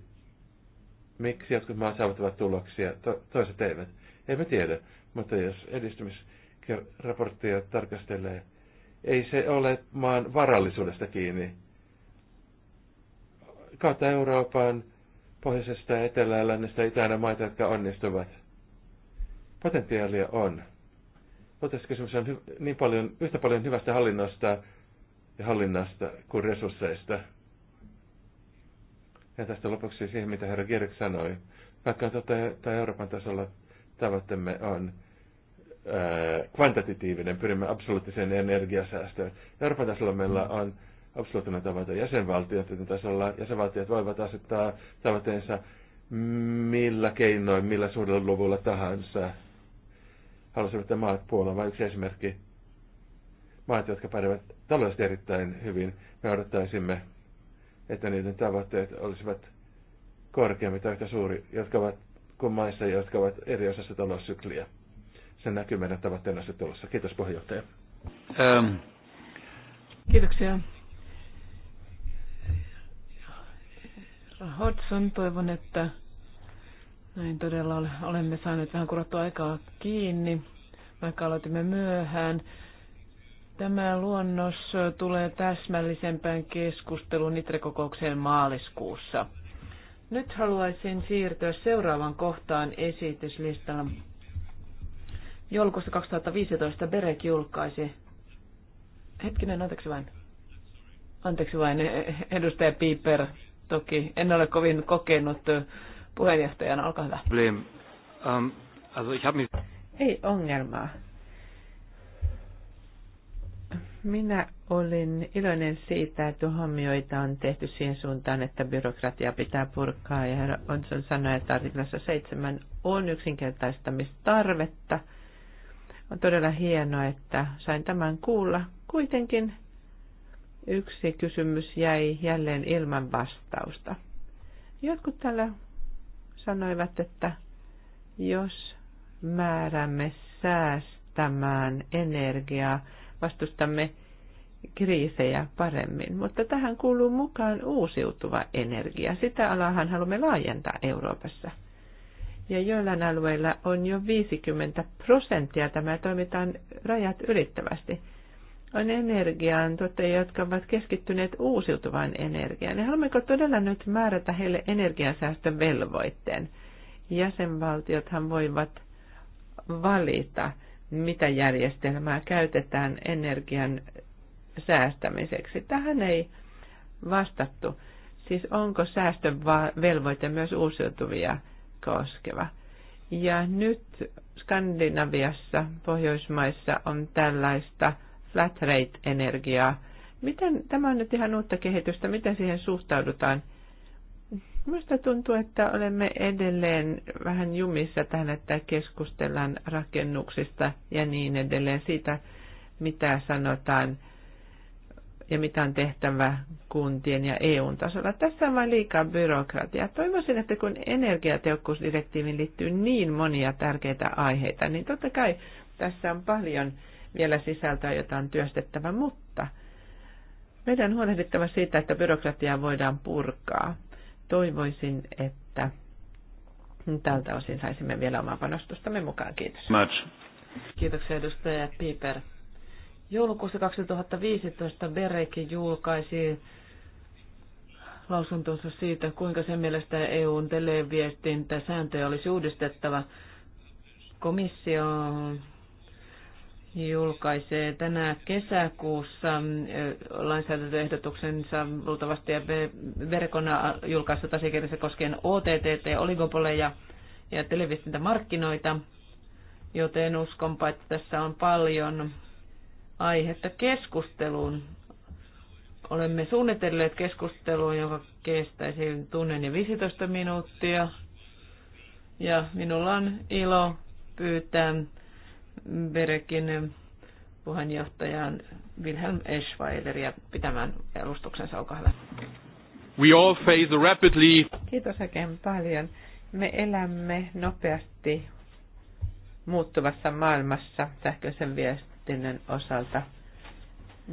miksi jotkut maat saavuttavat tuloksia, to- toiset eivät. Emme tiedä, mutta jos edistymis- raporttia tarkastelee, ei se ole maan varallisuudesta kiinni. Kautta Euroopan pohjoisesta etelä- ja lännestä itänä maita, jotka onnistuvat. Potentiaalia on. Mutta kysymys on niin paljon, yhtä paljon hyvästä hallinnosta ja hallinnasta kuin resursseista. Ja tästä lopuksi siihen, mitä herra Gierek sanoi. Vaikka totta, Euroopan tasolla tavoitteemme on kvantitatiivinen, pyrimme absoluuttiseen energiasäästöön. Euroopan tasolla meillä on absoluuttinen tavoite jäsenvaltioiden tasolla. Jäsenvaltiot voivat asettaa tavoitteensa millä keinoin, millä suhdeluvulla tahansa. Haluaisin, että maat Puola vain yksi esimerkki. Maat, jotka pärjäävät taloudellisesti erittäin hyvin, me odottaisimme, että niiden tavoitteet olisivat korkeammin tai yhtä suuri, jotka ovat kuin maissa, jotka ovat eri osassa taloussykliä se näkyy meidän tavoitteena se tulossa. Kiitos puheenjohtaja. Ähm. Kiitoksia. Hodson, toivon, että näin todella olemme saaneet vähän kurattua aikaa kiinni, vaikka aloitimme myöhään. Tämä luonnos tulee täsmällisempään keskusteluun Nitre-kokoukseen maaliskuussa. Nyt haluaisin siirtyä seuraavan kohtaan esityslistalla Joulukuussa 2015 Berek julkaisi. Hetkinen, anteeksi vain. Anteeksi vain, eh, edustaja Piper. Toki en ole kovin kokenut puheenjohtajana, olkaa hyvä. Um, also ich hab mich... Ei ongelmaa. Minä olin iloinen siitä, että huomioita on tehty siihen suuntaan, että byrokratia pitää purkaa. Ja herra Onson sanoi, että artiklassa 7 on yksinkertaistamistarvetta – on todella hienoa, että sain tämän kuulla. Kuitenkin yksi kysymys jäi jälleen ilman vastausta. Jotkut täällä sanoivat, että jos määrämme säästämään energiaa, vastustamme kriisejä paremmin. Mutta tähän kuuluu mukaan uusiutuva energia. Sitä alahan haluamme laajentaa Euroopassa. Ja joillain alueilla on jo 50 prosenttia tämä toimitaan rajat ylittävästi. On energian tuottajia, jotka ovat keskittyneet uusiutuvaan energiaan. Ja haluammeko todella nyt määrätä heille energiansäästövelvoitteen? Jäsenvaltiothan voivat valita, mitä järjestelmää käytetään energian säästämiseksi. Tähän ei vastattu. Siis onko säästövelvoite myös uusiutuvia energiaa? koskeva. Ja nyt Skandinaviassa, Pohjoismaissa on tällaista flat rate-energiaa. Miten, tämä on nyt ihan uutta kehitystä, miten siihen suhtaudutaan? Minusta tuntuu, että olemme edelleen vähän jumissa tähän, että keskustellaan rakennuksista ja niin edelleen siitä, mitä sanotaan – ja mitä on tehtävä kuntien ja EUn tasolla. Tässä on vain liikaa byrokratiaa. Toivoisin, että kun energiatehokkuusdirektiiviin liittyy niin monia tärkeitä aiheita, niin totta kai tässä on paljon vielä sisältöä, jota on työstettävä, mutta meidän on huolehdittava siitä, että byrokratiaa voidaan purkaa. Toivoisin, että tältä osin saisimme vielä omaa panostustamme mukaan. Kiitos. Much. Kiitoksia edustaja Piper. Joulukuussa 2015 Bereki julkaisi lausuntonsa siitä, kuinka sen mielestä EUn televiestintäsääntöjä olisi uudistettava. Komissio julkaisee tänä kesäkuussa lainsäädäntöehdotuksensa luultavasti ja verkona julkaissut asiakirjassa koskien ott oligopoleja ja televiestintämarkkinoita, joten uskonpa, että tässä on paljon aihetta keskusteluun. Olemme suunnitelleet keskustelua, joka kestäisi tunnin ja 15 minuuttia. Ja minulla on ilo pyytää Berekin puheenjohtajan Wilhelm Eschweileria pitämään alustuksensa. Olkaa hyvä. We all face rapidly. Kiitos oikein paljon. Me elämme nopeasti muuttuvassa maailmassa sähköisen viestin mietinnön osalta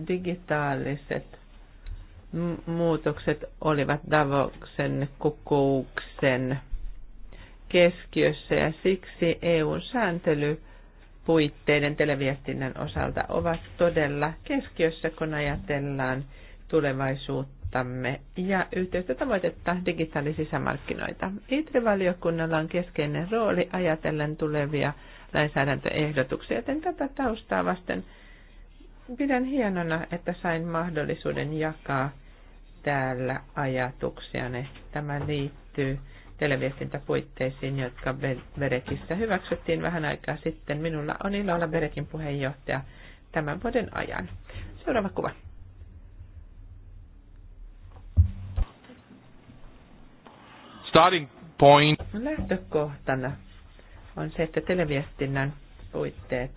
digitaaliset muutokset olivat Davoksen kokouksen keskiössä ja siksi EUn sääntely puitteiden televiestinnän osalta ovat todella keskiössä, kun ajatellaan tulevaisuuttamme ja yhteistä tavoitetta digitaalisisämarkkinoita. itri Itrivaliokunnalla on keskeinen rooli ajatellen tulevia lainsäädäntöehdotuksia. Joten tätä taustaa vasten pidän hienona, että sain mahdollisuuden jakaa täällä ajatuksianne. Tämä liittyy televiestintäpuitteisiin, jotka Berekissä hyväksyttiin vähän aikaa sitten. Minulla on ilo olla Berekin puheenjohtaja tämän vuoden ajan. Seuraava kuva. Starting point. Lähtökohtana on se, että televiestinnän puitteet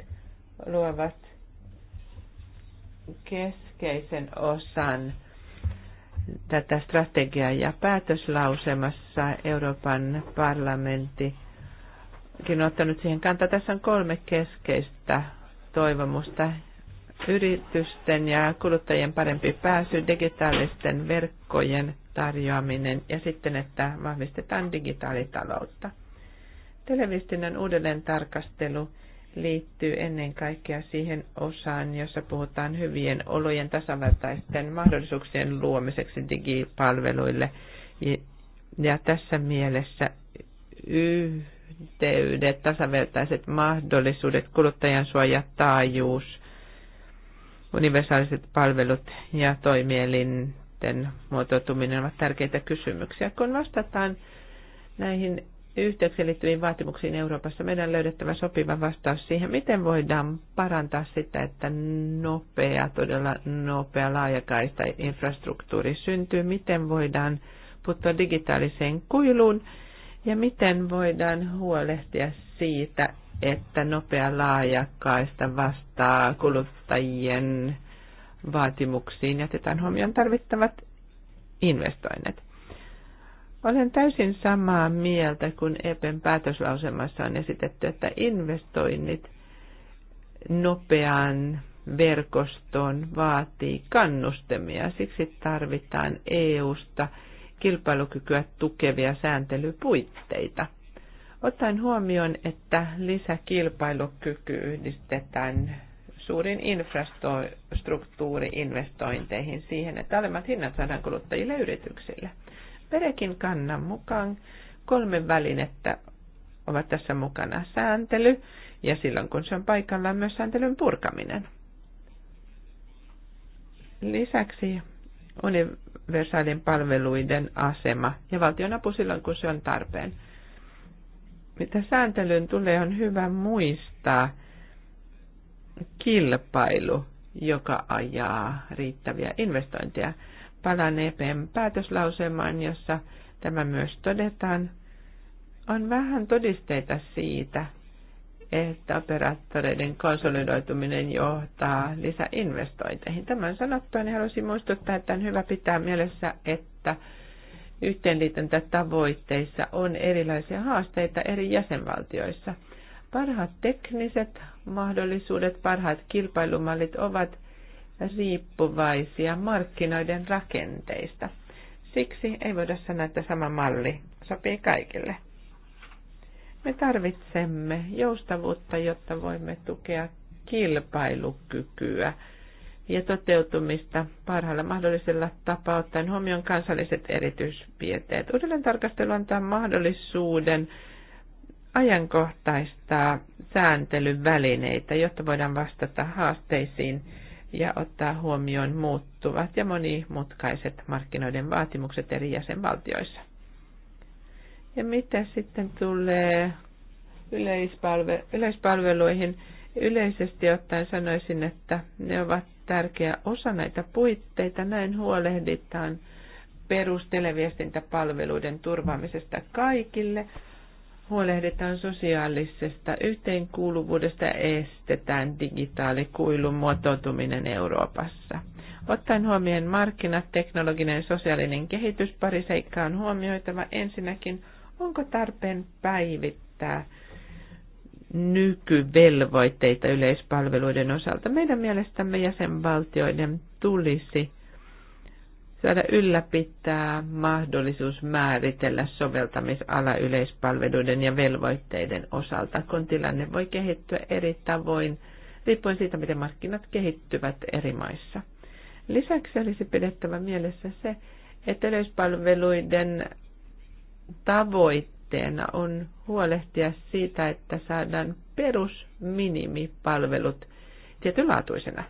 luovat keskeisen osan tätä strategiaa ja päätöslausemassa Euroopan parlamentti on ottanut siihen kantaa. Tässä on kolme keskeistä toivomusta. Yritysten ja kuluttajien parempi pääsy, digitaalisten verkkojen tarjoaminen ja sitten, että vahvistetaan digitaalitaloutta. Televiestinnän uudelleen tarkastelu liittyy ennen kaikkea siihen osaan, jossa puhutaan hyvien olojen tasavertaisten mahdollisuuksien luomiseksi digipalveluille. Ja tässä mielessä yhteydet, tasavertaiset mahdollisuudet, kuluttajan suoja, taajuus, universaaliset palvelut ja toimielinten muotoutuminen ovat tärkeitä kysymyksiä. Kun vastataan näihin yhteyksiin liittyviin vaatimuksiin Euroopassa. Meidän on löydettävä sopiva vastaus siihen, miten voidaan parantaa sitä, että nopea, todella nopea laajakaista infrastruktuuri syntyy, miten voidaan puuttua digitaaliseen kuiluun ja miten voidaan huolehtia siitä, että nopea laajakaista vastaa kuluttajien vaatimuksiin. ja otetaan huomioon tarvittavat investoinnit. Olen täysin samaa mieltä kuin EPEn päätöslausemassa on esitetty, että investoinnit nopeaan verkostoon vaatii kannustemia. Siksi tarvitaan EU-sta kilpailukykyä tukevia sääntelypuitteita. Ottaen huomioon, että lisäkilpailukyky yhdistetään suurin infrastruktuuriinvestointeihin siihen, että alemmat hinnat saadaan kuluttajille yrityksille. Berekin kannan mukaan kolme välinettä ovat tässä mukana sääntely ja silloin kun se on paikallaan myös sääntelyn purkaminen. Lisäksi universaalien palveluiden asema ja valtionapu silloin kun se on tarpeen. Mitä sääntelyn tulee on hyvä muistaa kilpailu, joka ajaa riittäviä investointeja palaan EPn päätöslausemaan, jossa tämä myös todetaan. On vähän todisteita siitä, että operaattoreiden konsolidoituminen johtaa lisäinvestointeihin. Tämän sanottua niin haluaisin muistuttaa, että on hyvä pitää mielessä, että yhteenliitäntätavoitteissa on erilaisia haasteita eri jäsenvaltioissa. Parhaat tekniset mahdollisuudet, parhaat kilpailumallit ovat riippuvaisia markkinoiden rakenteista. Siksi ei voida sanoa, että sama malli sopii kaikille. Me tarvitsemme joustavuutta, jotta voimme tukea kilpailukykyä ja toteutumista parhaalla mahdollisella tapaa ottaen huomioon kansalliset erityispiirteet. Uudelleen tarkastelu antaa mahdollisuuden ajankohtaistaa sääntelyvälineitä, jotta voidaan vastata haasteisiin, ja ottaa huomioon muuttuvat ja monimutkaiset markkinoiden vaatimukset eri jäsenvaltioissa. Ja mitä sitten tulee yleispalve- yleispalveluihin? Yleisesti ottaen sanoisin, että ne ovat tärkeä osa näitä puitteita. Näin huolehditaan perusteleviestintäpalveluiden turvaamisesta kaikille huolehditaan sosiaalisesta yhteenkuuluvuudesta ja estetään digitaalikuilun muotoutuminen Euroopassa. Ottaen huomioon markkinat, teknologinen ja sosiaalinen kehitys, pari seikkaa on huomioitava. Ensinnäkin, onko tarpeen päivittää nykyvelvoitteita yleispalveluiden osalta? Meidän mielestämme jäsenvaltioiden tulisi – saada ylläpitää mahdollisuus määritellä soveltamisala yleispalveluiden ja velvoitteiden osalta, kun tilanne voi kehittyä eri tavoin riippuen siitä, miten markkinat kehittyvät eri maissa. Lisäksi olisi pidettävä mielessä se, että yleispalveluiden tavoitteena on huolehtia siitä, että saadaan perusminimipalvelut tietynlaatuisena.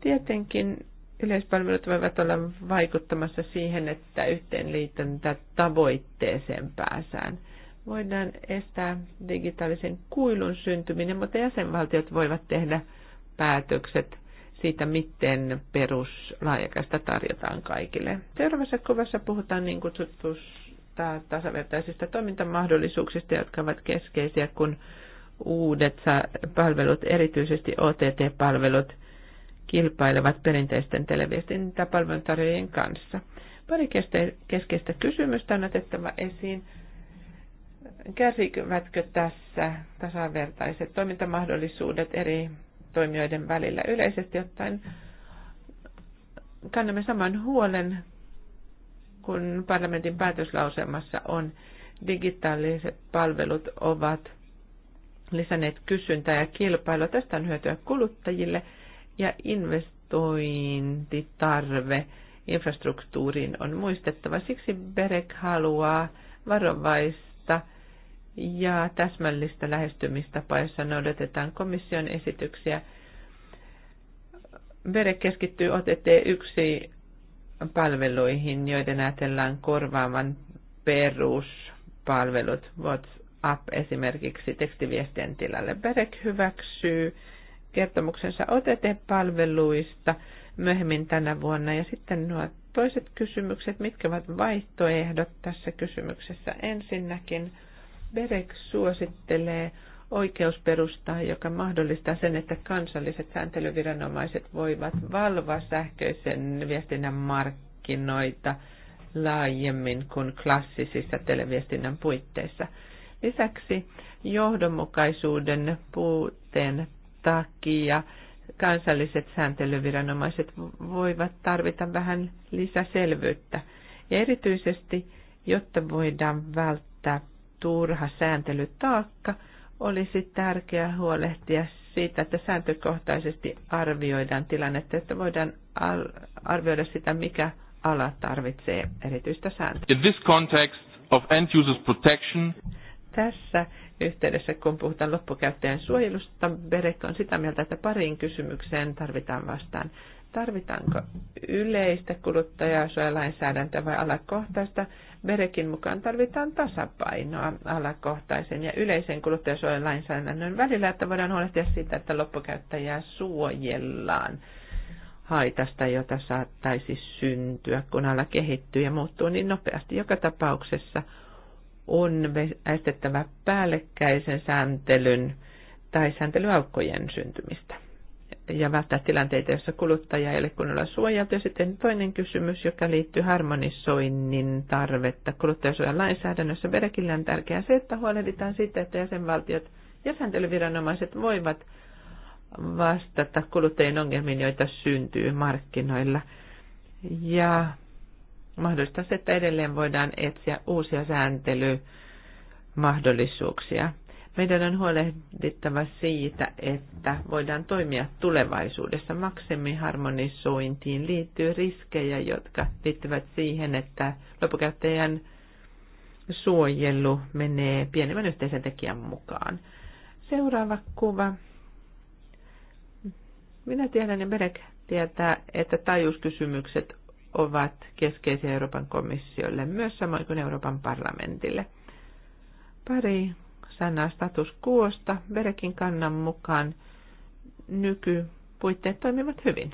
Tietenkin Yleispalvelut voivat olla vaikuttamassa siihen, että yhteenliitäntä tavoitteeseen pääsään. Voidaan estää digitaalisen kuilun syntyminen, mutta jäsenvaltiot voivat tehdä päätökset siitä, miten peruslaajakasta tarjotaan kaikille. Seuraavassa kuvassa puhutaan niin kutsutusta tasavertaisista toimintamahdollisuuksista, jotka ovat keskeisiä, kun uudet palvelut, erityisesti OTT-palvelut – kilpailevat perinteisten televiestintäpalveluntarjoajien kanssa. Pari keskeistä kysymystä on otettava esiin. Kärsivätkö tässä tasavertaiset toimintamahdollisuudet eri toimijoiden välillä yleisesti ottaen? Kannamme saman huolen, kun parlamentin päätöslauselmassa on digitaaliset palvelut ovat lisänneet kysyntää ja kilpailua. Tästä on hyötyä kuluttajille – ja investointitarve infrastruktuuriin on muistettava. Siksi Berek haluaa varovaista ja täsmällistä lähestymistapaa, jossa noudatetaan komission esityksiä. Berek keskittyy OTT1 palveluihin, joiden ajatellaan korvaavan peruspalvelut, WhatsApp esimerkiksi tekstiviestien tilalle. Berek hyväksyy kertomuksensa OTT-palveluista myöhemmin tänä vuonna. Ja sitten nuo toiset kysymykset, mitkä ovat vaihtoehdot tässä kysymyksessä. Ensinnäkin Berek suosittelee oikeusperustaa, joka mahdollistaa sen, että kansalliset sääntelyviranomaiset voivat valvoa sähköisen viestinnän markkinoita laajemmin kuin klassisissa televiestinnän puitteissa. Lisäksi johdonmukaisuuden puutteen takia kansalliset sääntelyviranomaiset voivat tarvita vähän lisäselvyyttä. Ja erityisesti, jotta voidaan välttää turha sääntelytaakka, olisi tärkeää huolehtia siitä, että sääntökohtaisesti arvioidaan tilannetta, että voidaan arvioida sitä, mikä ala tarvitsee erityistä sääntöä. In this context of end users protection, tässä yhteydessä, kun puhutaan loppukäyttäjän suojelusta. Berek on sitä mieltä, että pariin kysymykseen tarvitaan vastaan. Tarvitaanko yleistä kuluttajasuojalainsäädäntöä vai alakohtaista? Berekin mukaan tarvitaan tasapainoa alakohtaisen ja yleisen kuluttajasuojalainsäädännön välillä, että voidaan huolehtia siitä, että loppukäyttäjää suojellaan haitasta, jota saattaisi syntyä, kun ala kehittyy ja muuttuu niin nopeasti. Joka tapauksessa – on estettävä päällekkäisen sääntelyn tai sääntelyaukkojen syntymistä ja välttää tilanteita, joissa kuluttaja ei ole kunnolla suojeltu. Ja sitten toinen kysymys, joka liittyy harmonisoinnin tarvetta kuluttajasuojan lainsäädännössä. Verkillä on tärkeää se, että huolehditaan siitä, että jäsenvaltiot ja sääntelyviranomaiset voivat vastata kuluttajien ongelmiin, joita syntyy markkinoilla. Ja Mahdollista se, että edelleen voidaan etsiä uusia sääntelymahdollisuuksia. Meidän on huolehdittava siitä, että voidaan toimia tulevaisuudessa. Maksimiharmonisointiin liittyy riskejä, jotka liittyvät siihen, että lopukäyttäjän suojelu menee pienemmän yhteisen tekijän mukaan. Seuraava kuva. Minä tiedän ja Merek tietää, että tajuuskysymykset ovat keskeisiä Euroopan komissiolle, myös samoin kuin Euroopan parlamentille. Pari sanaa status kuosta verekin kannan mukaan nykypuitteet toimivat hyvin.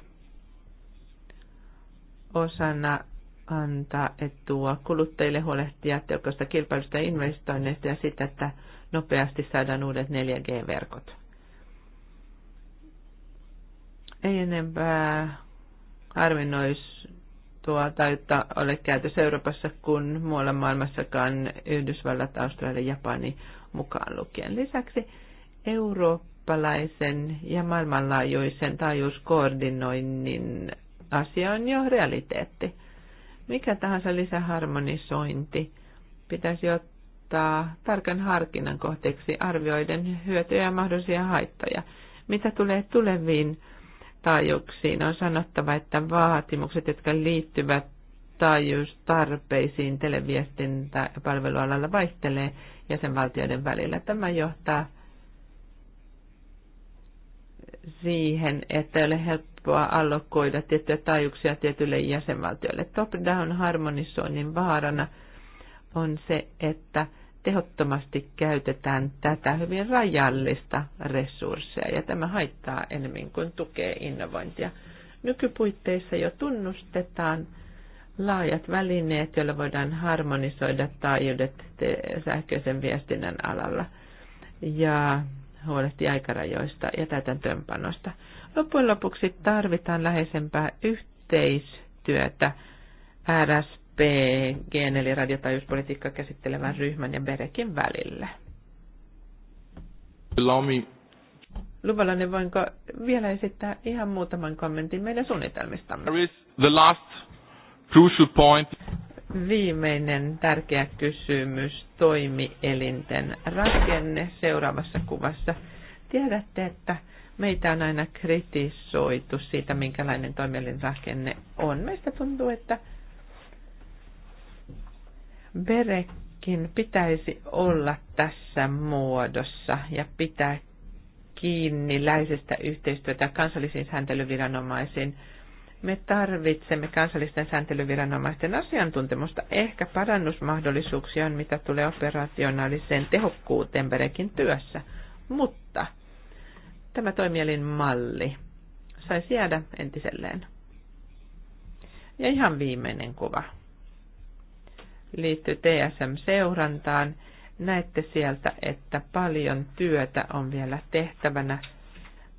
Osana antaa etua kuluttajille huolehtia teokosta kilpailusta ja investoinneista ja sitä, että nopeasti saadaan uudet 4G-verkot. Ei enempää arvinnoisi tai tuota, että ole käytössä Euroopassa kuin muualla maailmassakaan Yhdysvallat, Australia, Japani mukaan lukien. Lisäksi eurooppalaisen ja maailmanlaajuisen taajuuskoordinoinnin asia on jo realiteetti. Mikä tahansa lisäharmonisointi pitäisi ottaa tarkan harkinnan kohteeksi arvioiden hyötyjä ja mahdollisia haittoja. Mitä tulee tuleviin taajuuksiin. On sanottava, että vaatimukset, jotka liittyvät taajuustarpeisiin televiestintä- ja palvelualalla vaihtelee jäsenvaltioiden välillä. Tämä johtaa siihen, että ei ole helppoa allokoida tiettyjä taajuuksia tietylle jäsenvaltiolle. Top-down harmonisoinnin vaarana on se, että tehottomasti käytetään tätä hyvin rajallista resursseja ja tämä haittaa enemmän kuin tukee innovointia. Nykypuitteissa jo tunnustetaan laajat välineet, joilla voidaan harmonisoida taajuudet sähköisen viestinnän alalla ja huolehtia aikarajoista ja täytäntöönpanosta. Loppujen lopuksi tarvitaan läheisempää yhteistyötä RS PG, eli radiotajuuspolitiikkaa käsittelevän ryhmän ja Berekin välillä. Lami. Luvalla ne voinko vielä esittää ihan muutaman kommentin meidän suunnitelmistamme? There is the last crucial point. Viimeinen tärkeä kysymys, toimielinten rakenne seuraavassa kuvassa. Tiedätte, että meitä on aina kritisoitu siitä, minkälainen toimielin rakenne on. Meistä tuntuu, että verekin pitäisi olla tässä muodossa ja pitää kiinni läheisestä yhteistyötä kansallisiin sääntelyviranomaisiin. Me tarvitsemme kansallisten sääntelyviranomaisten asiantuntemusta. Ehkä parannusmahdollisuuksia on, mitä tulee operationaaliseen tehokkuuteen Berekin työssä. Mutta tämä toimielin malli saisi jäädä entiselleen. Ja ihan viimeinen kuva liittyy TSM-seurantaan. Näette sieltä, että paljon työtä on vielä tehtävänä.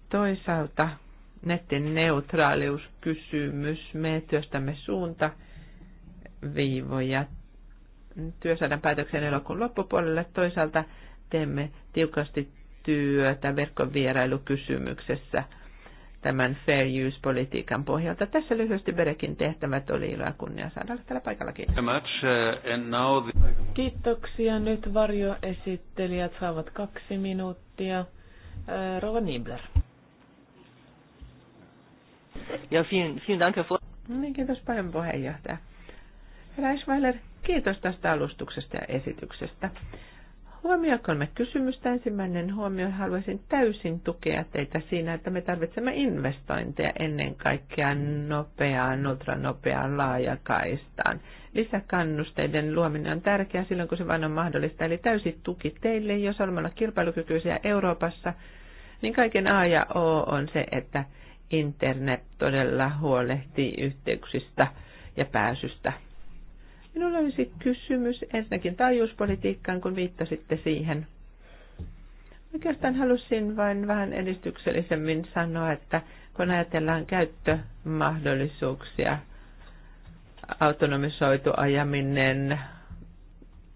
Toisaalta netin neutraaliuskysymys. Me työstämme suunta viivoja työsadan päätöksen elokuun loppupuolelle. Toisaalta teemme tiukasti työtä verkkovierailukysymyksessä – tämän fair use-politiikan pohjalta. Tässä lyhyesti Berekin tehtävät oli ilo ja kunnia saada olla täällä paikalla. Kiitos. Uh, Kiitoksia. Nyt varjoesittelijät saavat kaksi minuuttia. Äh, Rova Nibler. Ja vielen, vielen dank, niin, kiitos paljon puheenjohtaja. Herra Isweiler, kiitos tästä alustuksesta ja esityksestä. Huomio kolme kysymystä. Ensimmäinen huomio, haluaisin täysin tukea teitä siinä, että me tarvitsemme investointeja ennen kaikkea nopeaan, ultranopeaan laajakaistaan. Lisäkannusteiden luominen on tärkeää silloin, kun se vain on mahdollista. Eli täysi tuki teille, jos olemme kilpailukykyisiä Euroopassa, niin kaiken A ja O on se, että internet todella huolehtii yhteyksistä ja pääsystä Minulla olisi kysymys ensinnäkin taajuuspolitiikkaan, kun viittasitte siihen. Oikeastaan halusin vain vähän edistyksellisemmin sanoa, että kun ajatellaan käyttömahdollisuuksia, autonomisoitu ajaminen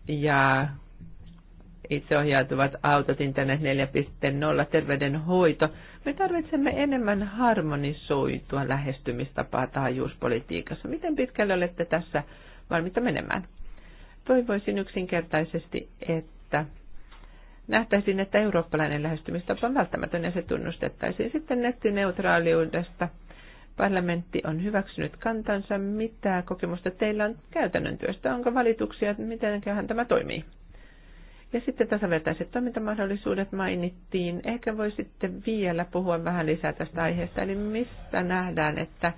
ja itseohjautuvat autot, internet 4.0, terveydenhoito. Me tarvitsemme enemmän harmonisoitua lähestymistapaa taajuuspolitiikassa. Miten pitkälle olette tässä valmiita menemään. Toivoisin yksinkertaisesti, että nähtäisiin, että eurooppalainen lähestymistapa on välttämätön ja se tunnustettaisiin sitten nettineutraaliudesta. Parlamentti on hyväksynyt kantansa, mitä kokemusta teillä on käytännön työstä, onko valituksia, Miten tämä toimii. Ja sitten tasavertaiset toimintamahdollisuudet mainittiin. Ehkä voi sitten vielä puhua vähän lisää tästä aiheesta, eli mistä nähdään, että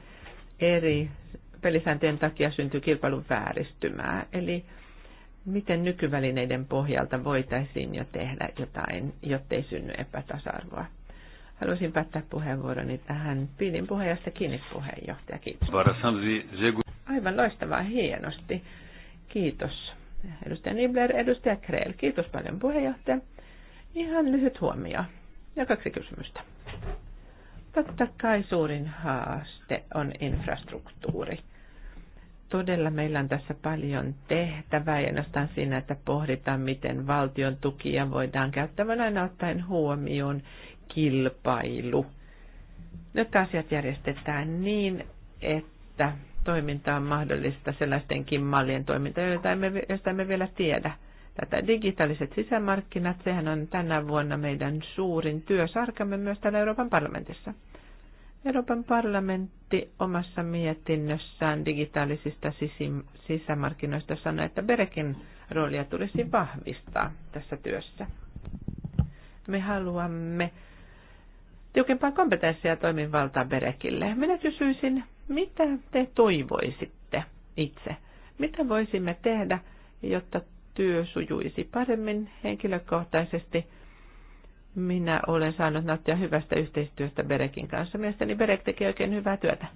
eri pelisääntöjen takia syntyy kilpailun vääristymää. Eli miten nykyvälineiden pohjalta voitaisiin jo tehdä jotain, jottei synny epätasa-arvoa. Haluaisin päättää puheenvuoroni tähän Piilin puheenjohtaja kiinni puheenjohtaja. Kiitos. Aivan loistavaa, hienosti. Kiitos. Edustaja Nibler, edustaja Kreel. Kiitos paljon puheenjohtaja. Ihan lyhyt huomio ja kaksi kysymystä. Totta kai suurin haaste on infrastruktuuri todella meillä on tässä paljon tehtävää ja nostan siinä, että pohditaan, miten valtion tukia voidaan käyttää, vaan aina ottaen huomioon kilpailu. Nyt asiat järjestetään niin, että toiminta on mahdollista sellaistenkin mallien toiminta, joita emme, joista emme vielä tiedä. Tätä digitaaliset sisämarkkinat, sehän on tänä vuonna meidän suurin työsarkamme myös täällä Euroopan parlamentissa. Euroopan parlamentti omassa mietinnössään digitaalisista sisämarkkinoista sanoi, että Berekin roolia tulisi vahvistaa tässä työssä. Me haluamme tiukempaa kompetenssia ja toimivaltaa Berekille. Minä kysyisin, mitä te toivoisitte itse? Mitä voisimme tehdä, jotta työ sujuisi paremmin henkilökohtaisesti minä olen saanut nauttia hyvästä yhteistyöstä Berekin kanssa. Mielestäni Berek tekee oikein hyvää työtä.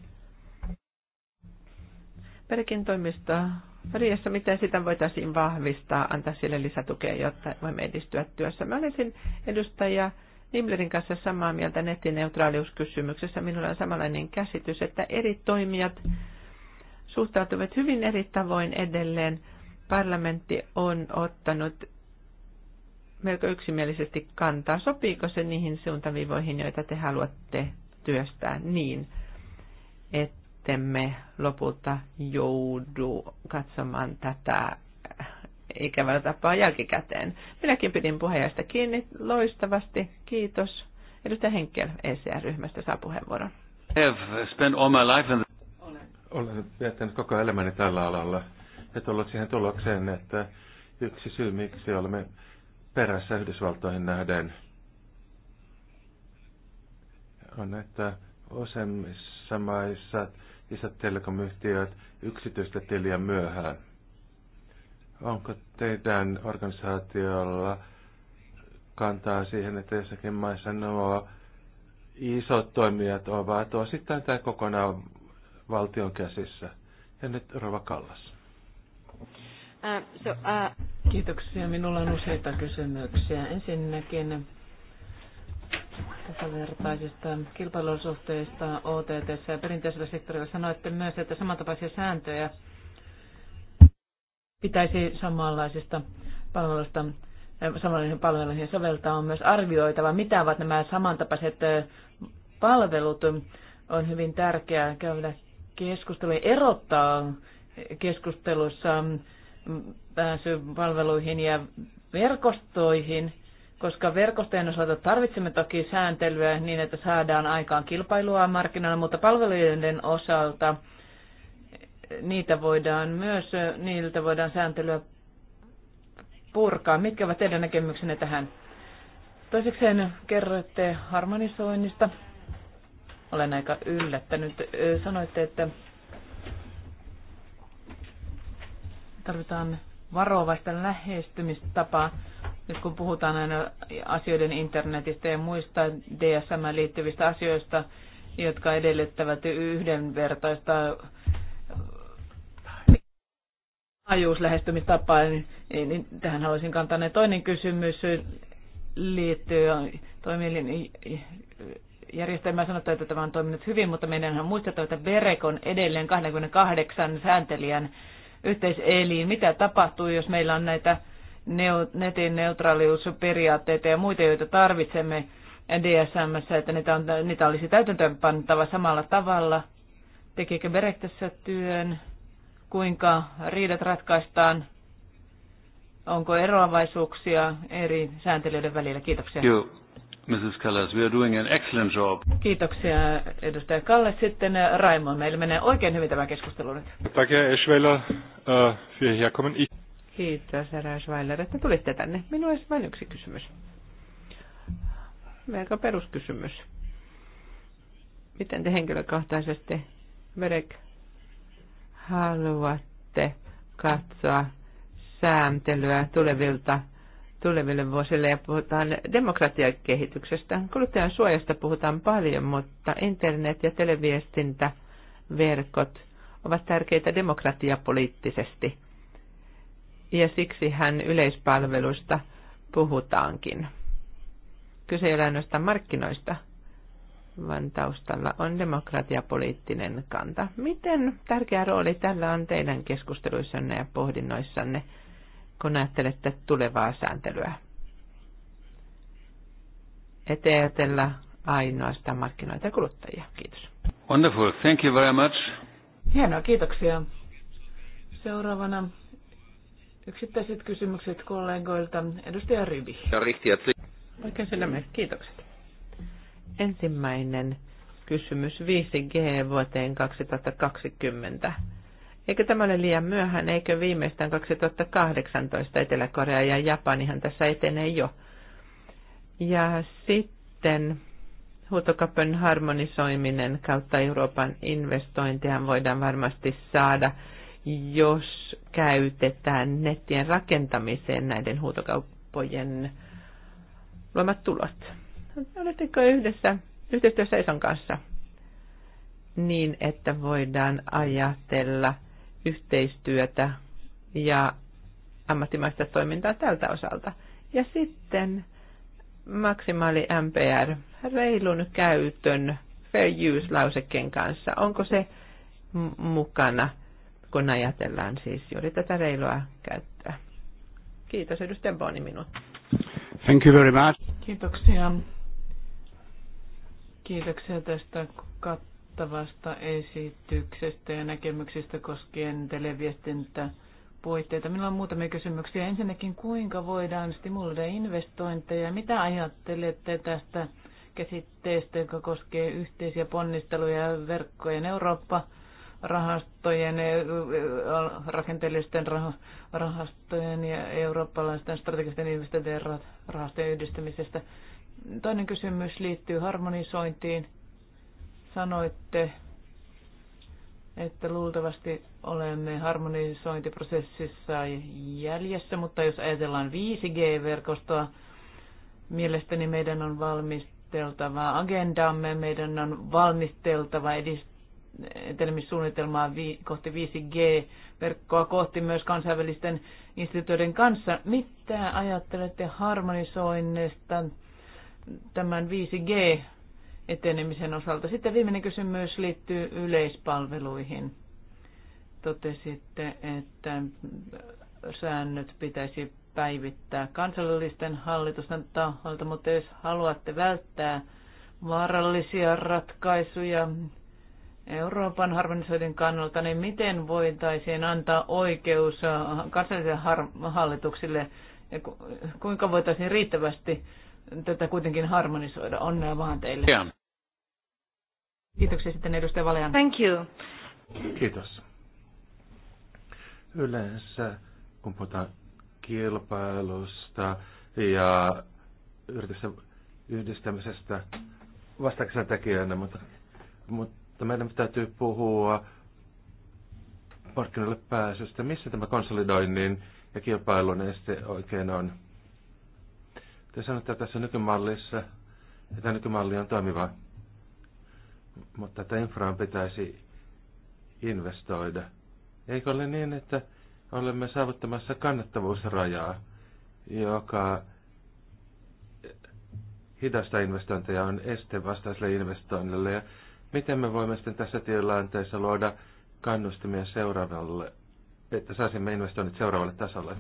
Berekin toimista Riassa, miten sitä voitaisiin vahvistaa, antaa sille lisätukea, jotta voimme edistyä työssä. Mä olisin edustaja Nimlerin kanssa samaa mieltä nettineutraaliuskysymyksessä. Minulla on samanlainen käsitys, että eri toimijat suhtautuvat hyvin eri tavoin edelleen. Parlamentti on ottanut melko yksimielisesti kantaa. Sopiiko se niihin suuntaviivoihin, joita te haluatte työstää niin, ettemme lopulta joudu katsomaan tätä ikävällä tapaa jälkikäteen. Minäkin pidin puheenjohtajasta kiinni loistavasti. Kiitos. Edustaja Henkel ECR-ryhmästä saa puheenvuoron. Olen viettänyt koko elämäni tällä alalla ja tullut siihen tulokseen, että yksi syy, miksi olemme perässä Yhdysvaltoihin nähden on, että osemmissa maissa isät telekomyhtiöt yksityistä tiliä myöhään. Onko teidän organisaatiolla kantaa siihen, että jossakin maissa nuo isot toimijat ovat osittain tai kokonaan valtion käsissä? Ja nyt Rova Kallas. Uh, so, uh... Kiitoksia. Minulla on useita kysymyksiä. Ensinnäkin tasavertaisista kilpailusuhteista OTT ja perinteisellä sektorilla sanoitte myös, että samantapaisia sääntöjä pitäisi samanlaisista palveluista eh, samanlaisiin palveluihin soveltaa on myös arvioitava, mitä ovat nämä samantapaiset eh, palvelut. On hyvin tärkeää käydä keskustelua erottaa keskustelussa mm, pääsy palveluihin ja verkostoihin, koska verkostojen osalta tarvitsemme toki sääntelyä niin, että saadaan aikaan kilpailua markkinoilla, mutta palveluiden osalta niitä voidaan myös, niiltä voidaan sääntelyä purkaa. Mitkä ovat teidän näkemyksenne tähän? Toisekseen kerroitte harmonisoinnista. Olen aika yllättänyt. Sanoitte, että tarvitaan varovaista lähestymistapaa. Nyt kun puhutaan aina asioiden internetistä ja muista DSM-liittyvistä asioista, jotka edellyttävät yhdenvertaista ajuuslähestymistapaa, niin, niin, tähän haluaisin kantaa ne. Toinen kysymys liittyy toimielin järjestelmään sanotaan, että tämä on toiminut hyvin, mutta meidän on muistettava, että Berek on edelleen 28 sääntelijän yhteiseliin. Mitä tapahtuu, jos meillä on näitä netin neutraaliusperiaatteita ja muita, joita tarvitsemme dsm että niitä, on, niitä olisi täytäntöönpantava samalla tavalla? Tekikö Berek työn? Kuinka riidat ratkaistaan? Onko eroavaisuuksia eri sääntelyiden välillä? Kiitoksia. Joo. Mrs. Kallas, we are doing an excellent job. Kiitoksia edustaja Kalle. Sitten äh, Raimo, meillä menee oikein hyvin tämä keskustelu nyt. Takia Eschweiler, für äh, herkommen. Kiitos herra Eschweiler, että tulitte tänne. Minulla olisi vain yksi kysymys. Melko peruskysymys. Miten te henkilökohtaisesti, Merek, haluatte katsoa sääntelyä tulevilta tuleville vuosille ja puhutaan demokratiakehityksestä. Kuluttajan suojasta puhutaan paljon, mutta internet ja televiestintäverkot ovat tärkeitä demokratiapoliittisesti. Ja siksi hän yleispalvelusta puhutaankin. Kyse ei ole ainoastaan markkinoista, vaan taustalla on demokratiapoliittinen kanta. Miten tärkeä rooli tällä on teidän keskusteluissanne ja pohdinnoissanne – kun ajattelette tulevaa sääntelyä? Eteetellä ainoastaan markkinoita ja kuluttajia. Kiitos. Wonderful. Thank you very much. Hienoa, kiitoksia. Seuraavana yksittäiset kysymykset kollegoilta. Edustaja Rybi. Oikein sydämet, kiitokset. Ensimmäinen kysymys 5G vuoteen 2020 Eikö tämä ole liian myöhään? Eikö viimeistään 2018 Etelä-Korea ja Japanihan tässä etenee jo? Ja sitten huutokapön harmonisoiminen kautta Euroopan investointihan voidaan varmasti saada, jos käytetään nettien rakentamiseen näiden huutokauppojen luomat tulot. Oletteko yhdessä yhteistyössä Eson kanssa niin, että voidaan ajatella – yhteistyötä ja ammattimaista toimintaa tältä osalta. Ja sitten maksimaali MPR, reilun käytön, fair use-lausekkeen kanssa. Onko se mukana, kun ajatellaan siis juuri tätä reilua käyttöä? Kiitos, edustaja Boni, minut. Thank you very much. Kiitoksia. Kiitoksia tästä kattavasta kattavasta esityksestä ja näkemyksistä koskien televiestintä puitteita. Minulla on muutamia kysymyksiä. Ensinnäkin, kuinka voidaan stimuloida investointeja? Mitä ajattelette tästä käsitteestä, joka koskee yhteisiä ponnisteluja verkkojen Eurooppa? rahastojen, rakenteellisten rahastojen ja eurooppalaisten strategisten investointien rahastojen yhdistämisestä. Toinen kysymys liittyy harmonisointiin Sanoitte, että luultavasti olemme harmonisointiprosessissa jäljessä, mutta jos ajatellaan 5G-verkostoa, mielestäni meidän on valmisteltava agendamme, meidän on valmisteltava edistelmissuunnitelmaa kohti 5G-verkkoa kohti myös kansainvälisten instituutioiden kanssa. Mitä ajattelette harmonisoinnista tämän 5G etenemisen osalta. Sitten viimeinen kysymys liittyy yleispalveluihin. Totesitte, että säännöt pitäisi päivittää kansallisten hallitusten taholta, mutta jos haluatte välttää vaarallisia ratkaisuja Euroopan harmonisoidun kannalta, niin miten voitaisiin antaa oikeus kansallisille hallituksille ja kuinka voitaisiin riittävästi tätä kuitenkin harmonisoida? Onnea vaan teille. Kiitoksia sitten edustaja Valean. Thank you. Kiitos. Yleensä kun puhutaan kilpailusta ja yritysten yhdistämisestä vastaakseen tekijänä, mutta, mutta meidän täytyy puhua markkinoille pääsystä. Missä tämä konsolidoinnin ja kilpailun este oikein on? Te sanotte että tässä nykymallissa, että nykymalli on toimiva mutta että infraan pitäisi investoida. Eikö ole niin, että olemme saavuttamassa kannattavuusrajaa, joka hidasta investointeja on este vastaiselle investoinnille ja miten me voimme sitten tässä tilanteessa luoda kannustimia seuraavalle, että saisimme investoinnit seuraavalle tasolle?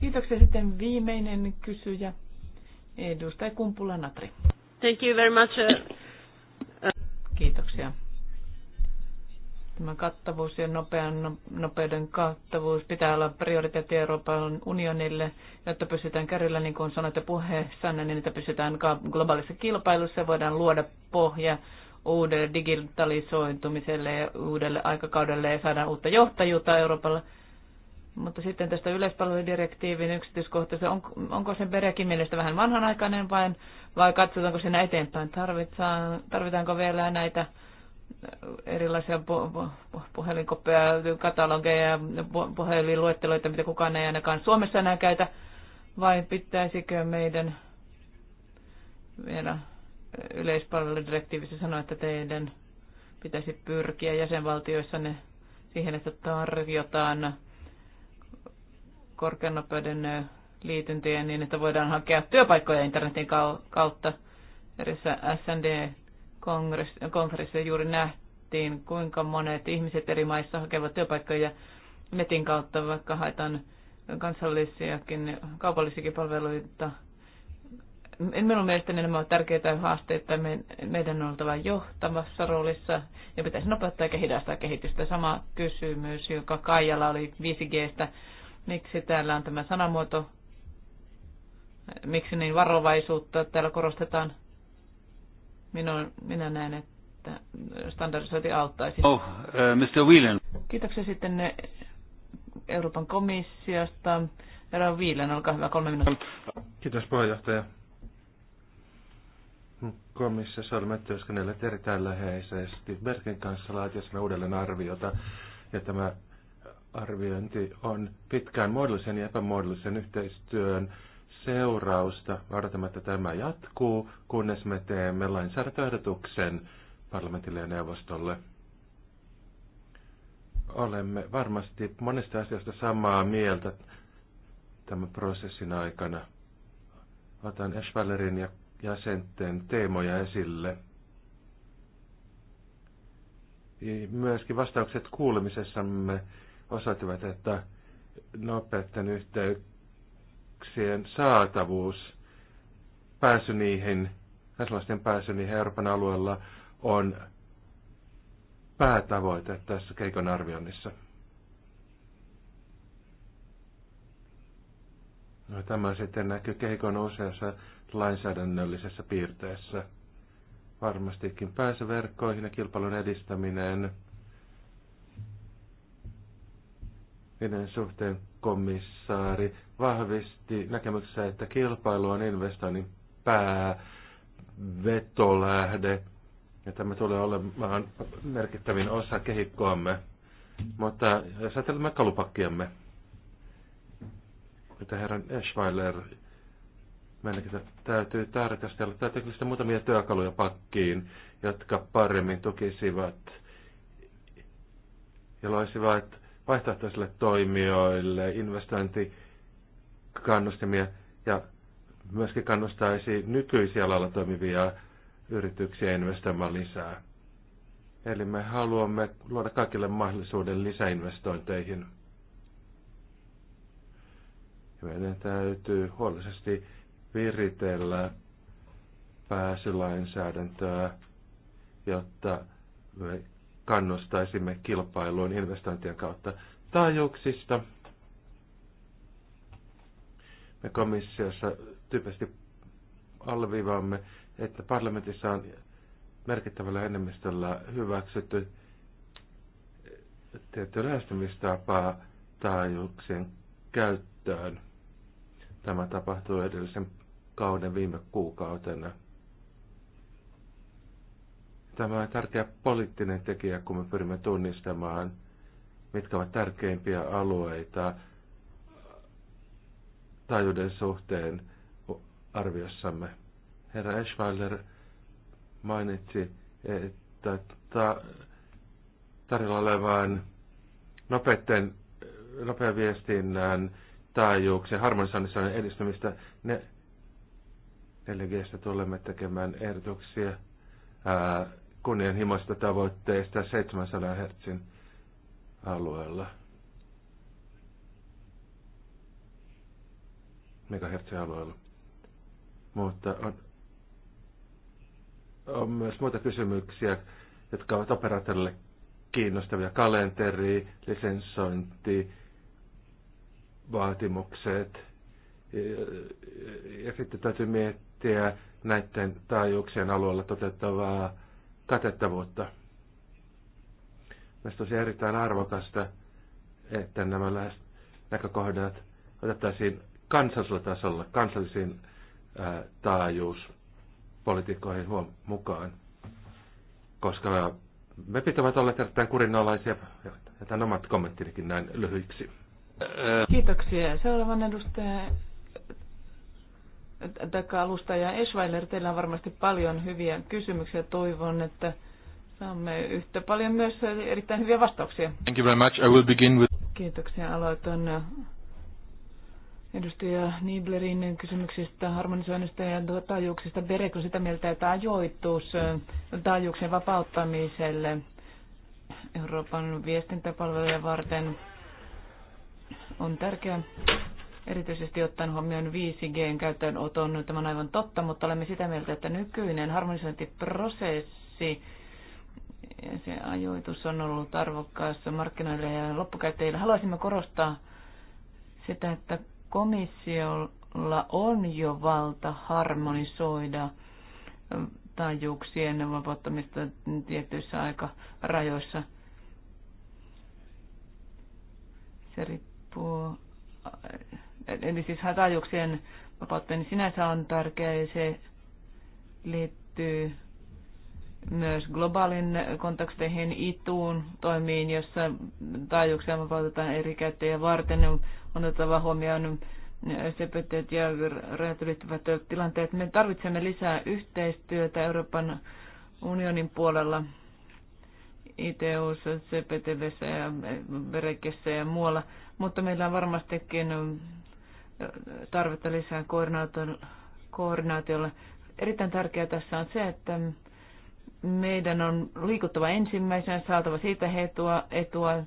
Kiitoksia sitten viimeinen kysyjä, edustaja Kumpula-Natri. Thank you very much. Uh, ja Tämä kattavuus ja nopean, nopeuden kattavuus pitää olla prioriteetti Euroopan unionille, jotta pysytään kärryllä, niin kuin sanoitte puheessanne, niin että pysytään globaalissa kilpailussa ja voidaan luoda pohja uudelle digitalisoitumiselle ja uudelle aikakaudelle ja saadaan uutta johtajuutta Euroopalla. Mutta sitten tästä yleispalveludirektiivin yksityiskohtaisesti on, onko sen peräkin mielestä vähän vanhanaikainen vai, vai katsotaanko siinä eteenpäin? tarvitaanko vielä näitä erilaisia puhelinkoppeja, katalogeja, puhelinluetteloita, mitä kukaan ei ainakaan Suomessa enää käytä, vai pitäisikö meidän vielä yleispalveludirektiivissä sanoa, että teidän pitäisi pyrkiä jäsenvaltioissa ne siihen, että tarjotaan korkeanopeuden liityntiä niin, että voidaan hakea työpaikkoja internetin kautta. Erissä SND konferenssissa juuri nähtiin, kuinka monet ihmiset eri maissa hakevat työpaikkoja netin kautta, vaikka haetaan kansallisiakin, kaupallisiakin palveluita. Minun mielestäni nämä ovat tärkeitä haasteita. Meidän on oltava johtavassa roolissa ja pitäisi nopeuttaa ja hidastaa kehitystä. Sama kysymys, joka Kaijalla oli 5Gstä. Miksi täällä on tämä sanamuoto? Miksi niin varovaisuutta täällä korostetaan? Minun, minä näen, että standardisointi auttaisi. Oh, uh, äh, Mr. Whelan. Kiitoksia sitten Euroopan komissiosta. Herra Whelan, olkaa hyvä, kolme minuuttia. Kiitos puheenjohtaja. Komissiossa olemme työskennelleet erittäin läheisesti. Berkin kanssa laatiessamme uudelleen arviota, ja tämä arviointi on pitkään muodollisen ja epämuodollisen yhteistyön seurausta varten, että tämä jatkuu, kunnes me teemme lainsäädäntöehdotuksen parlamentille ja neuvostolle. Olemme varmasti monesta asiasta samaa mieltä tämän prosessin aikana. Otan Eschwallerin ja jäsenten teemoja esille. Myöskin vastaukset kuulemisessamme osoittivat, että nopeiden yhteyttä oikeuksien saatavuus, pääsy niihin, kansalaisten pääsy niihin Euroopan alueella on päätavoite tässä keikon arvioinnissa. No, tämä sitten näkyy keikon useassa lainsäädännöllisessä piirteessä. Varmastikin pääsyverkkoihin ja kilpailun edistäminen niiden suhteen komissaari vahvisti näkemyksessä, että kilpailu on investoinnin päävetolähde ja tämä tulee olemaan merkittävin osa kehikkoamme. Mutta jos ajatellaan kalupakkiamme, mitä herran Eschweiler meidänkin täytyy tarkastella. täytyy sitä muutamia työkaluja pakkiin, jotka paremmin tukisivat ja loisivat vaihtoehtoisille toimijoille investointikannustimia ja myöskin kannustaisi nykyisiä alalla toimivia yrityksiä investoimaan lisää. Eli me haluamme luoda kaikille mahdollisuuden lisäinvestointeihin. Ja meidän täytyy huolellisesti viritellä pääsylainsäädäntöä, jotta me kannustaisimme kilpailuun investointien kautta taajuuksista. Me komissiossa tyypillisesti alviivaamme, että parlamentissa on merkittävällä enemmistöllä hyväksytty tietty lähestymistapaa taajuuksien käyttöön. Tämä tapahtui edellisen kauden viime kuukautena. Tämä on tärkeä poliittinen tekijä, kun me pyrimme tunnistamaan, mitkä ovat tärkeimpiä alueita taajuuden suhteen arviossamme. Herra Eschweiler mainitsi, että ta- tarjolla olevan nopeiden, nopean viestinnän taajuuksien harmonisoinnissa edistämistä. Ne 4 tulemme tekemään ehdotuksia ää, kunnianhimoista tavoitteista 700 Hz alueella. megahertz-alueella. Mutta on, on myös muita kysymyksiä, jotka ovat operaattorille kiinnostavia. Kalenteri, lisensointi, vaatimukset. Ja, ja, ja sitten täytyy miettiä näiden taajuuksien alueella toteuttavaa katettavuutta. Mielestäni olisi erittäin arvokasta, että nämä näkökohdat otettaisiin kansallisella tasolla, kansallisiin taajuuspolitiikkoihin huom mukaan, koska me pitävät olla erittäin kurinalaisia, ja tämän omat kommenttinikin näin lyhyiksi. Kiitoksia. Seuraavan edustaja taikka alusta ja Esweiler, teillä on varmasti paljon hyviä kysymyksiä. Toivon, että saamme yhtä paljon myös erittäin hyviä vastauksia. Thank you very much. I will begin with... Kiitoksia. Aloitan edustaja Niblerin kysymyksistä, harmonisoinnista ja taajuuksista. Berek on sitä mieltä, että ajoitus taajuuksien vapauttamiselle Euroopan viestintäpalveluja varten on tärkeää erityisesti ottaen huomioon 5Gn käyttöönoton. Tämä on aivan totta, mutta olemme sitä mieltä, että nykyinen harmonisointiprosessi ja se ajoitus on ollut arvokkaassa markkinoille ja loppukäyttäjille. Haluaisimme korostaa sitä, että komissiolla on jo valta harmonisoida taajuuksien vapauttamista tietyissä aikarajoissa. Se riippuu eli siis taajuuksien vapauttaminen niin sinänsä on tärkeää ja se liittyy myös globaalin konteksteihin, ituun toimiin, jossa taajuuksia vapautetaan eri käyttäjiä varten. On otettava huomioon sepetteet ja rajat ylittävät tilanteet. Me tarvitsemme lisää yhteistyötä Euroopan unionin puolella ITU, CPTV ja Verekessä ja muualla, mutta meillä on varmastikin tarvetta lisää koordinaatiolle. Erittäin tärkeää tässä on se, että meidän on liikuttava ensimmäisenä, saatava siitä etua, etua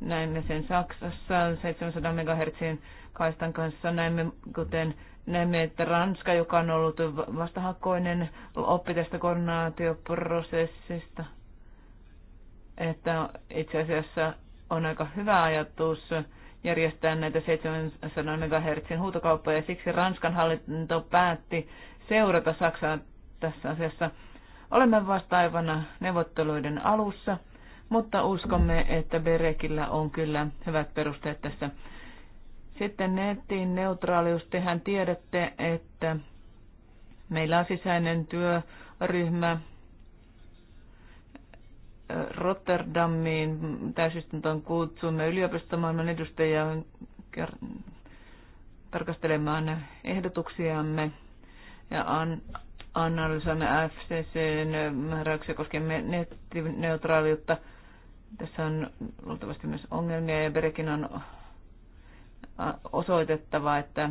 näemme sen Saksassa 700 MHz kaistan kanssa, näemme, kuten näemme että Ranska, joka on ollut vastahakoinen, oppi tästä koordinaatioprosessista, että itse asiassa on aika hyvä ajatus järjestää näitä 700 MHz huutokauppoja ja siksi Ranskan hallinto päätti seurata Saksaa tässä asiassa. Olemme vasta aivana neuvotteluiden alussa, mutta uskomme, että Berekillä on kyllä hyvät perusteet tässä. Sitten nettiin neutraalius. Tehän tiedätte, että meillä on sisäinen työryhmä, Rotterdamiin täysistuntoon kutsumme yliopistomaailman edustajia tarkastelemaan ehdotuksiamme ja an, analysoimme FCCn määräyksiä koskien nettineutraaliutta. Tässä on luultavasti myös ongelmia ja Berekin on osoitettava, että,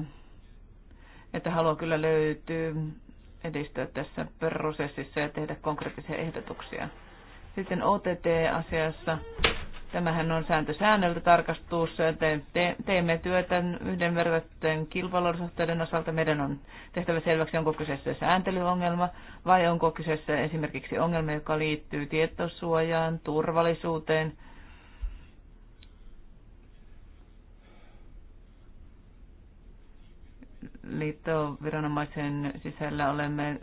että haluaa kyllä löytyy edistyä tässä prosessissa ja tehdä konkreettisia ehdotuksia. Sitten OTT-asiassa. Tämähän on sääntö säännöltä tarkastus. Te, te, teemme työtä yhdenvertaisten kilpailuolosuhteiden osalta. Meidän on tehtävä selväksi, onko kyseessä sääntelyongelma vai onko kyseessä esimerkiksi ongelma, joka liittyy tietosuojaan, turvallisuuteen, liittoviranomaisen sisällä olemme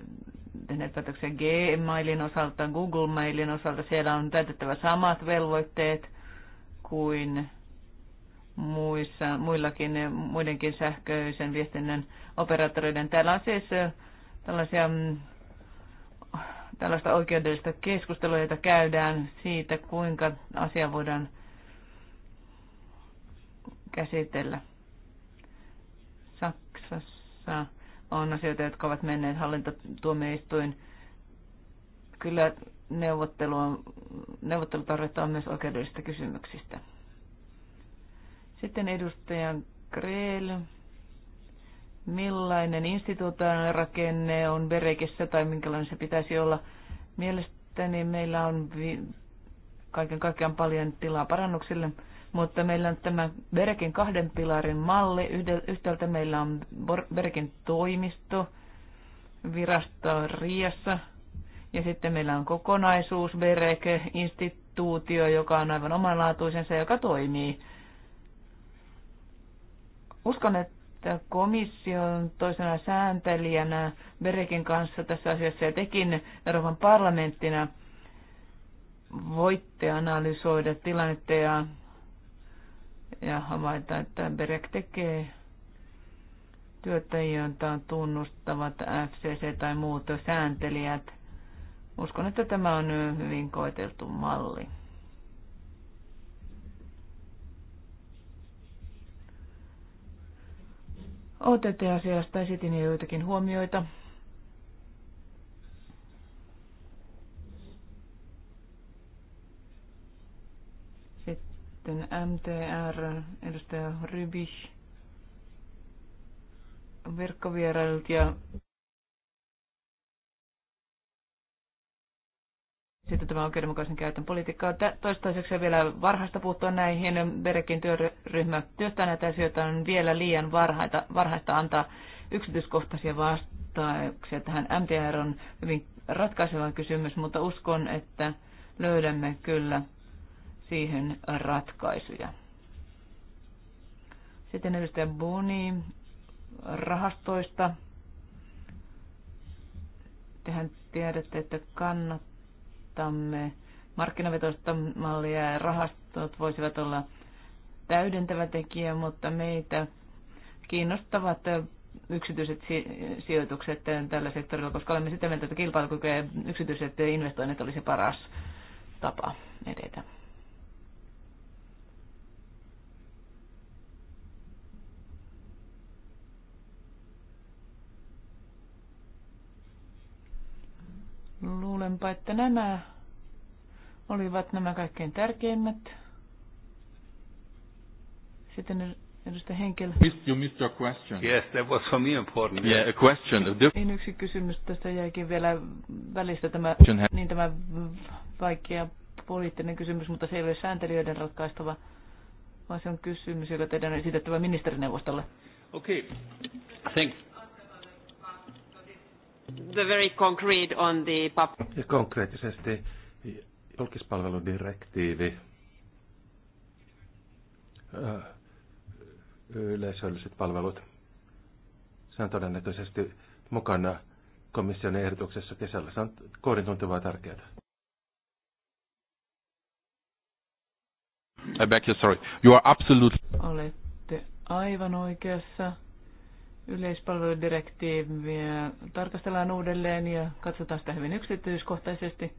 tehneet päätöksiä Gmailin osalta, Google Mailin osalta. Siellä on täytettävä samat velvoitteet kuin muissa, muillakin, muidenkin sähköisen viestinnän operaattoreiden. Täällä on siis tällaisia, mm, tällaista oikeudellista keskustelua, jota käydään siitä, kuinka asia voidaan käsitellä. Saksassa on asioita, jotka ovat menneet hallintotuomioistuin. Kyllä neuvottelu on, neuvottelutarvetta on myös oikeudellisista kysymyksistä. Sitten edustaja Kreel. Millainen instituutioiden rakenne on Berekissä tai minkälainen se pitäisi olla? Mielestäni meillä on vi- kaiken kaikkiaan paljon tilaa parannuksille mutta meillä on tämä Berkin kahden pilarin malli. Yhtäältä meillä on Berkin toimisto, virasto Riassa, ja sitten meillä on kokonaisuus Berek, instituutio, joka on aivan omanlaatuisensa, joka toimii. Uskon, että komission toisena sääntelijänä Berekin kanssa tässä asiassa ja tekin Euroopan parlamenttina voitte analysoida tilannetta ja ja havaita, että Berek tekee työtä, on tunnustavat FCC tai muut sääntelijät. Uskon, että tämä on hyvin koeteltu malli. OTT-asiasta esitin joitakin huomioita. Sitten MTR, edustaja Rybich, verkkovierailut ja sitten tämä oikeudenmukaisen käytön politiikkaa. Toistaiseksi vielä varhaista puuttua näihin. Berekin työryhmä työstää näitä asioita. On vielä liian varhaita, varhaista antaa yksityiskohtaisia vastauksia. Tähän MTR on hyvin ratkaiseva kysymys, mutta uskon, että löydämme kyllä siihen ratkaisuja. Sitten edustaja Boni rahastoista. Tehän tiedätte, että kannattamme markkinavetoista mallia ja rahastot voisivat olla täydentävä tekijä, mutta meitä kiinnostavat yksityiset sijoitukset tällä sektorilla, koska olemme sitä mieltä, että kilpailukyky ja yksityiset investoinnit olisi paras tapa edetä. Luulenpa, että nämä olivat nämä kaikkein tärkeimmät. Sitten edustaja Henkel. You missed your question. Yes, that was for me important. Yeah, a question. Niin yksi kysymys tästä jäikin vielä välistä tämä, niin tämä vaikea poliittinen kysymys, mutta se ei ole sääntelijöiden ratkaistava, vaan se on kysymys, joka teidän on esitettävä ministerineuvostolle. Okei, okay. thanks the very concrete on the pub- ja konkreettisesti julkispalveludirektiivi, yleisölliset palvelut, se on todennäköisesti mukana komission ehdotuksessa kesällä. Se on koodin tuntuvaa tärkeää. I beg your sorry. You are absolutely... Olette aivan oikeassa yleispalveludirektiiviä tarkastellaan uudelleen ja katsotaan sitä hyvin yksityiskohtaisesti,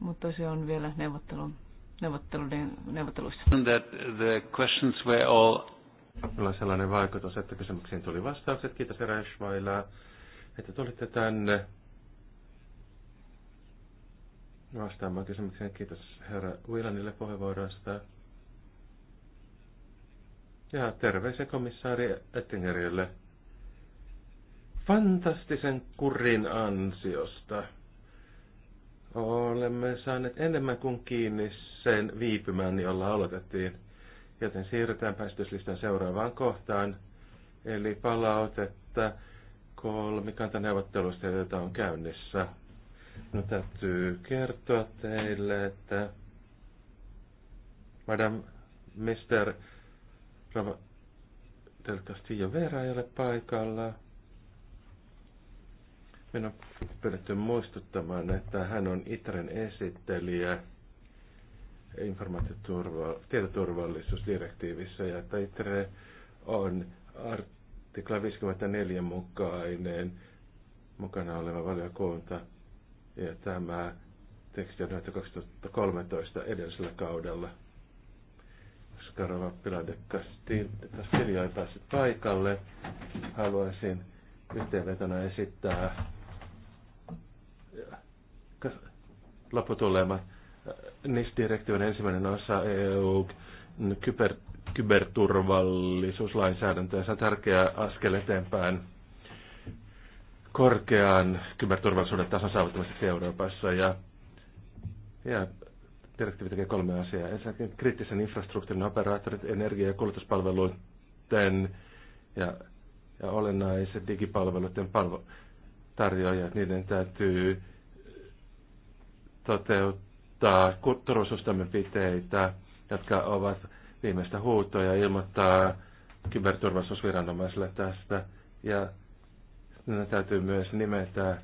mutta se on vielä neuvottelu, neuvotteluiden, neuvotteluissa. That the questions were all... Minulla on sellainen vaikutus, että kysymyksiin tuli vastaukset. Kiitos herra että tulitte tänne vastaamaan kysymykseen. Kiitos herra Willanille puheenvuorosta. Ja terveisiä komissaari Ettingerille fantastisen kurin ansiosta. Olemme saaneet enemmän kuin kiinni sen viipymään, jolla aloitettiin. Joten siirrytään päästöslistan seuraavaan kohtaan, eli palautetta kolmikantaneuvottelusta, joita on käynnissä. No täytyy kertoa teille, että Madame Mr. Rava Del ja Veera ei ole paikalla. Minä on pyydetty muistuttamaan, että hän on ITREn esittelijä tietoturvallisuusdirektiivissä ja että ITRE on artikla 54 mukainen mukana oleva valiokunta. Ja tämä teksti on 2013 edellisellä kaudella koska Rova Pilar de ei päässyt paikalle, haluaisin yhteenvetona esittää lopputulema. NIS-direktiivin ensimmäinen osa EU kyber, kyberturvallisuuslainsäädäntöä. Se on tärkeä askel eteenpäin korkean kyberturvallisuuden tason saavuttamiseksi Euroopassa. Ja, ja direktiivi tekee kolme asiaa. Ensinnäkin kriittisen infrastruktuurin operaattorit, energia- ja kulutuspalveluiden ja, ja olennaiset digipalveluiden palvo- tarjoajat, niiden täytyy toteuttaa turvallisuustoimenpiteitä, jotka ovat viimeistä huutoja, ilmoittaa kyberturvallisuusviranomaisille tästä. Ja ne täytyy myös nimetä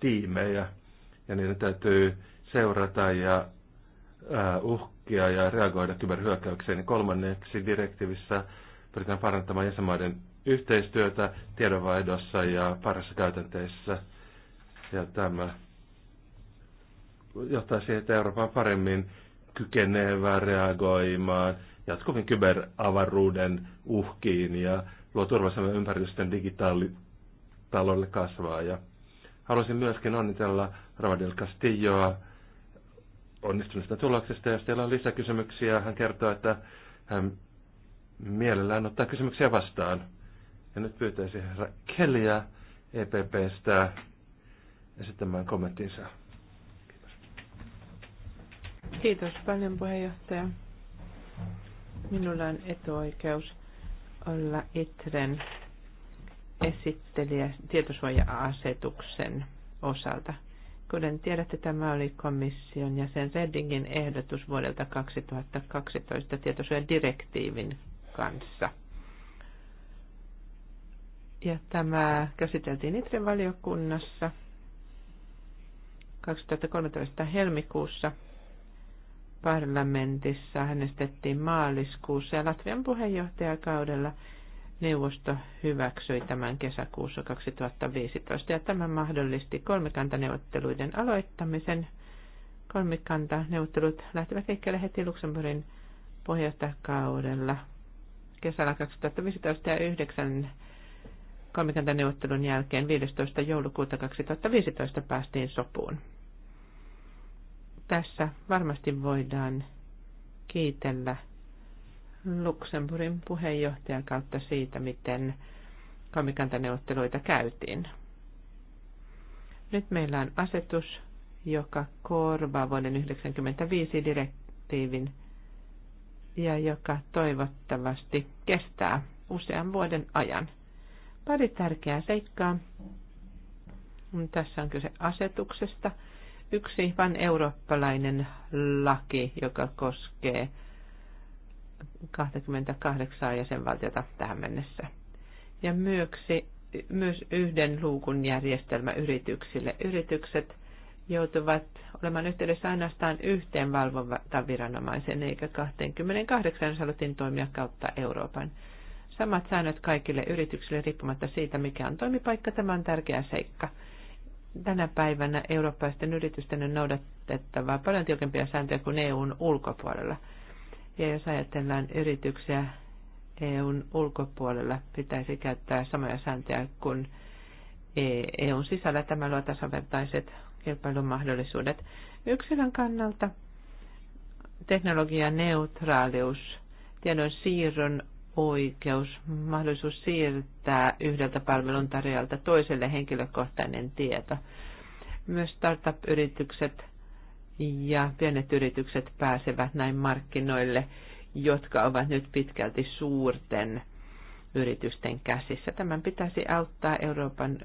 tiimejä ja niiden täytyy seurata ja uhkia ja reagoida kyberhyökkäykseen. Kolmanneksi direktiivissä pyritään parantamaan jäsenmaiden yhteistyötä tiedonvaihdossa ja parissa käytänteissä. Ja tämä johtaa siihen, että Eurooppa paremmin kykenevä reagoimaan jatkuvin kyberavaruuden uhkiin ja luo turvallisemman ympäristön digitaali- Talolle kasvaa. Ja haluaisin myöskin onnitella Ravadil Castilloa onnistuneesta tuloksesta. Jos teillä on lisäkysymyksiä, hän kertoo, että hän mielellään ottaa kysymyksiä vastaan. Ja nyt pyytäisin herra Kellyä EPPstä esittämään kommenttinsa. Kiitos. Kiitos paljon puheenjohtaja. Minulla on etuoikeus olla Itren esittelijä tietosuoja-asetuksen osalta. Kuten tiedätte, tämä oli komission ja sen Reddingin ehdotus vuodelta 2012 tietosuojadirektiivin kanssa. Ja tämä käsiteltiin Itren valiokunnassa 2013 helmikuussa. Parlamentissa hänestettiin maaliskuussa ja Latvian puheenjohtajakaudella – neuvosto hyväksyi tämän kesäkuussa 2015 ja tämä mahdollisti kolmikantaneuvotteluiden aloittamisen. Kolmikantaneuvottelut lähtivät liikkeelle heti Luxemburgin puheenjohtajakaudella kesällä 2015 ja yhdeksän kolmikantaneuvottelun jälkeen 15. joulukuuta 2015 päästiin sopuun. Tässä varmasti voidaan kiitellä Luxemburgin puheenjohtajan kautta siitä, miten kolmikantaneuvotteluita käytiin. Nyt meillä on asetus, joka korvaa vuoden 1995 direktiivin ja joka toivottavasti kestää usean vuoden ajan. Pari tärkeää seikkaa. Tässä on kyse asetuksesta. Yksi vain eurooppalainen laki, joka koskee 28 jäsenvaltiota tähän mennessä. Ja myöksi, myös yhden luukun järjestelmä yrityksille. Yritykset joutuvat olemaan yhteydessä ainoastaan yhteen valvontaviranomaisen, eikä 28 salutin toimia kautta Euroopan. Samat säännöt kaikille yrityksille riippumatta siitä, mikä on toimipaikka. Tämä on tärkeä seikka. Tänä päivänä eurooppalaisten yritysten on noudatettava paljon tiukempia sääntöjä kuin EUn ulkopuolella – ja jos ajatellaan yrityksiä EUn ulkopuolella, pitäisi käyttää samoja sääntöjä kuin e- EUn sisällä. Tämä luo tasavertaiset kilpailumahdollisuudet. Yksilön kannalta teknologian neutraalius, tiedon siirron oikeus, mahdollisuus siirtää yhdeltä palveluntarjoajalta toiselle henkilökohtainen tieto. Myös startup-yritykset ja pienet yritykset pääsevät näin markkinoille, jotka ovat nyt pitkälti suurten yritysten käsissä. Tämän pitäisi auttaa Euroopan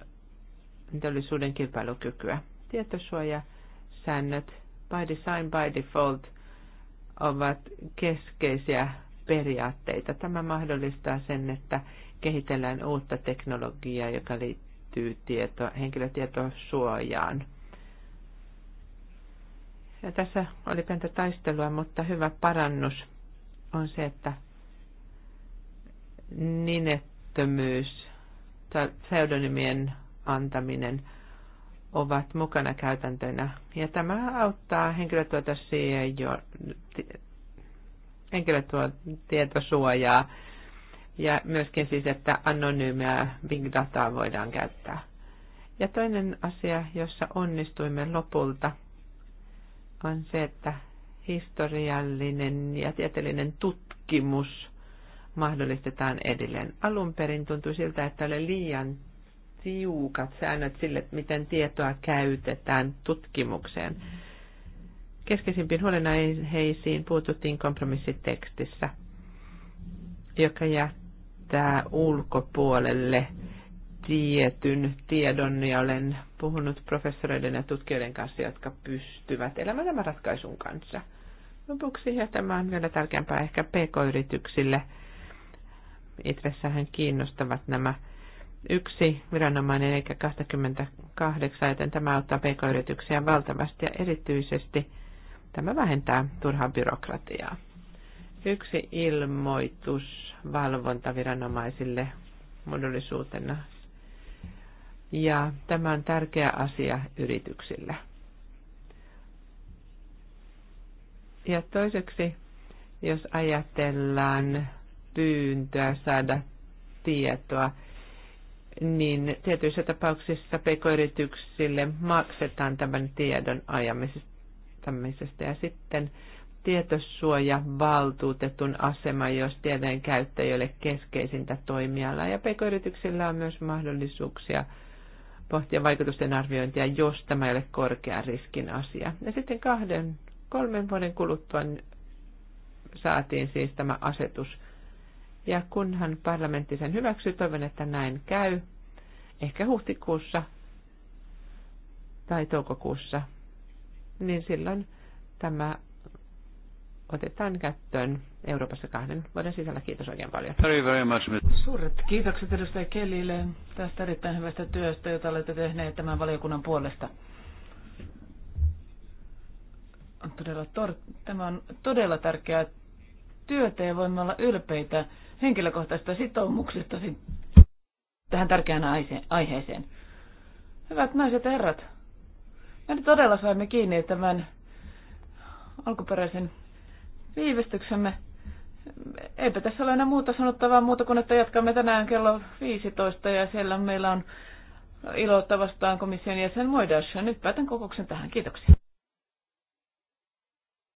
teollisuuden kilpailukykyä. Tietosuojasäännöt by design by default ovat keskeisiä periaatteita. Tämä mahdollistaa sen, että kehitellään uutta teknologiaa, joka liittyy tieto, henkilötietosuojaan. Ja tässä oli pientä taistelua, mutta hyvä parannus on se, että ninettömyys tai pseudonymien antaminen ovat mukana käytäntönä. Ja tämä auttaa henkilötietosuojaa ja myöskin siis, että anonyymiä big dataa voidaan käyttää. Ja toinen asia, jossa onnistuimme lopulta – on se, että historiallinen ja tieteellinen tutkimus mahdollistetaan edelleen. Alun perin tuntui siltä, että oli liian tiukat säännöt sille, miten tietoa käytetään tutkimukseen. Keskeisimpiin huolenaiheisiin puututtiin kompromissitekstissä, joka jättää ulkopuolelle tietyn tiedon ja olen puhunut professoreiden ja tutkijoiden kanssa, jotka pystyvät elämään tämän ratkaisun kanssa. Lopuksi, ja tämä on vielä tärkeämpää ehkä pk-yrityksille, itsessähän kiinnostavat nämä yksi viranomainen eikä 28, joten tämä auttaa pk-yrityksiä valtavasti ja erityisesti tämä vähentää turhaa byrokratiaa. Yksi ilmoitus valvontaviranomaisille mahdollisuutena ja tämä on tärkeä asia yrityksillä. Ja toiseksi, jos ajatellaan pyyntöä saada tietoa, niin tietyissä tapauksissa pk-yrityksille maksetaan tämän tiedon ajamisesta ja sitten tietosuojavaltuutetun asema, jos tiedon käyttäjille keskeisintä toimialaa. Ja pk on myös mahdollisuuksia pohtia vaikutusten arviointia, jos tämä ei ole korkean riskin asia. Ja sitten kahden, kolmen vuoden kuluttua saatiin siis tämä asetus. Ja kunhan parlamentti sen hyväksyy, toivon, että näin käy. Ehkä huhtikuussa tai toukokuussa. Niin silloin tämä otetaan käyttöön Euroopassa kahden vuoden sisällä. Kiitos oikein paljon. Very, very much. Suuret kiitokset edustaja Kelille tästä erittäin hyvästä työstä, jota olette tehneet tämän valiokunnan puolesta. On todella tor- Tämä on todella tärkeää työtä ja voimme olla ylpeitä henkilökohtaisesta sitoumuksesta tähän tärkeään aiheeseen. Hyvät naiset ja herrat, me todella saimme kiinni tämän alkuperäisen viivästyksemme. Eipä tässä ole enää muuta sanottavaa muuta kuin, että jatkamme tänään kello 15 ja siellä meillä on ilo vastaan komission jäsen Moidas. Nyt päätän kokouksen tähän. Kiitoksia.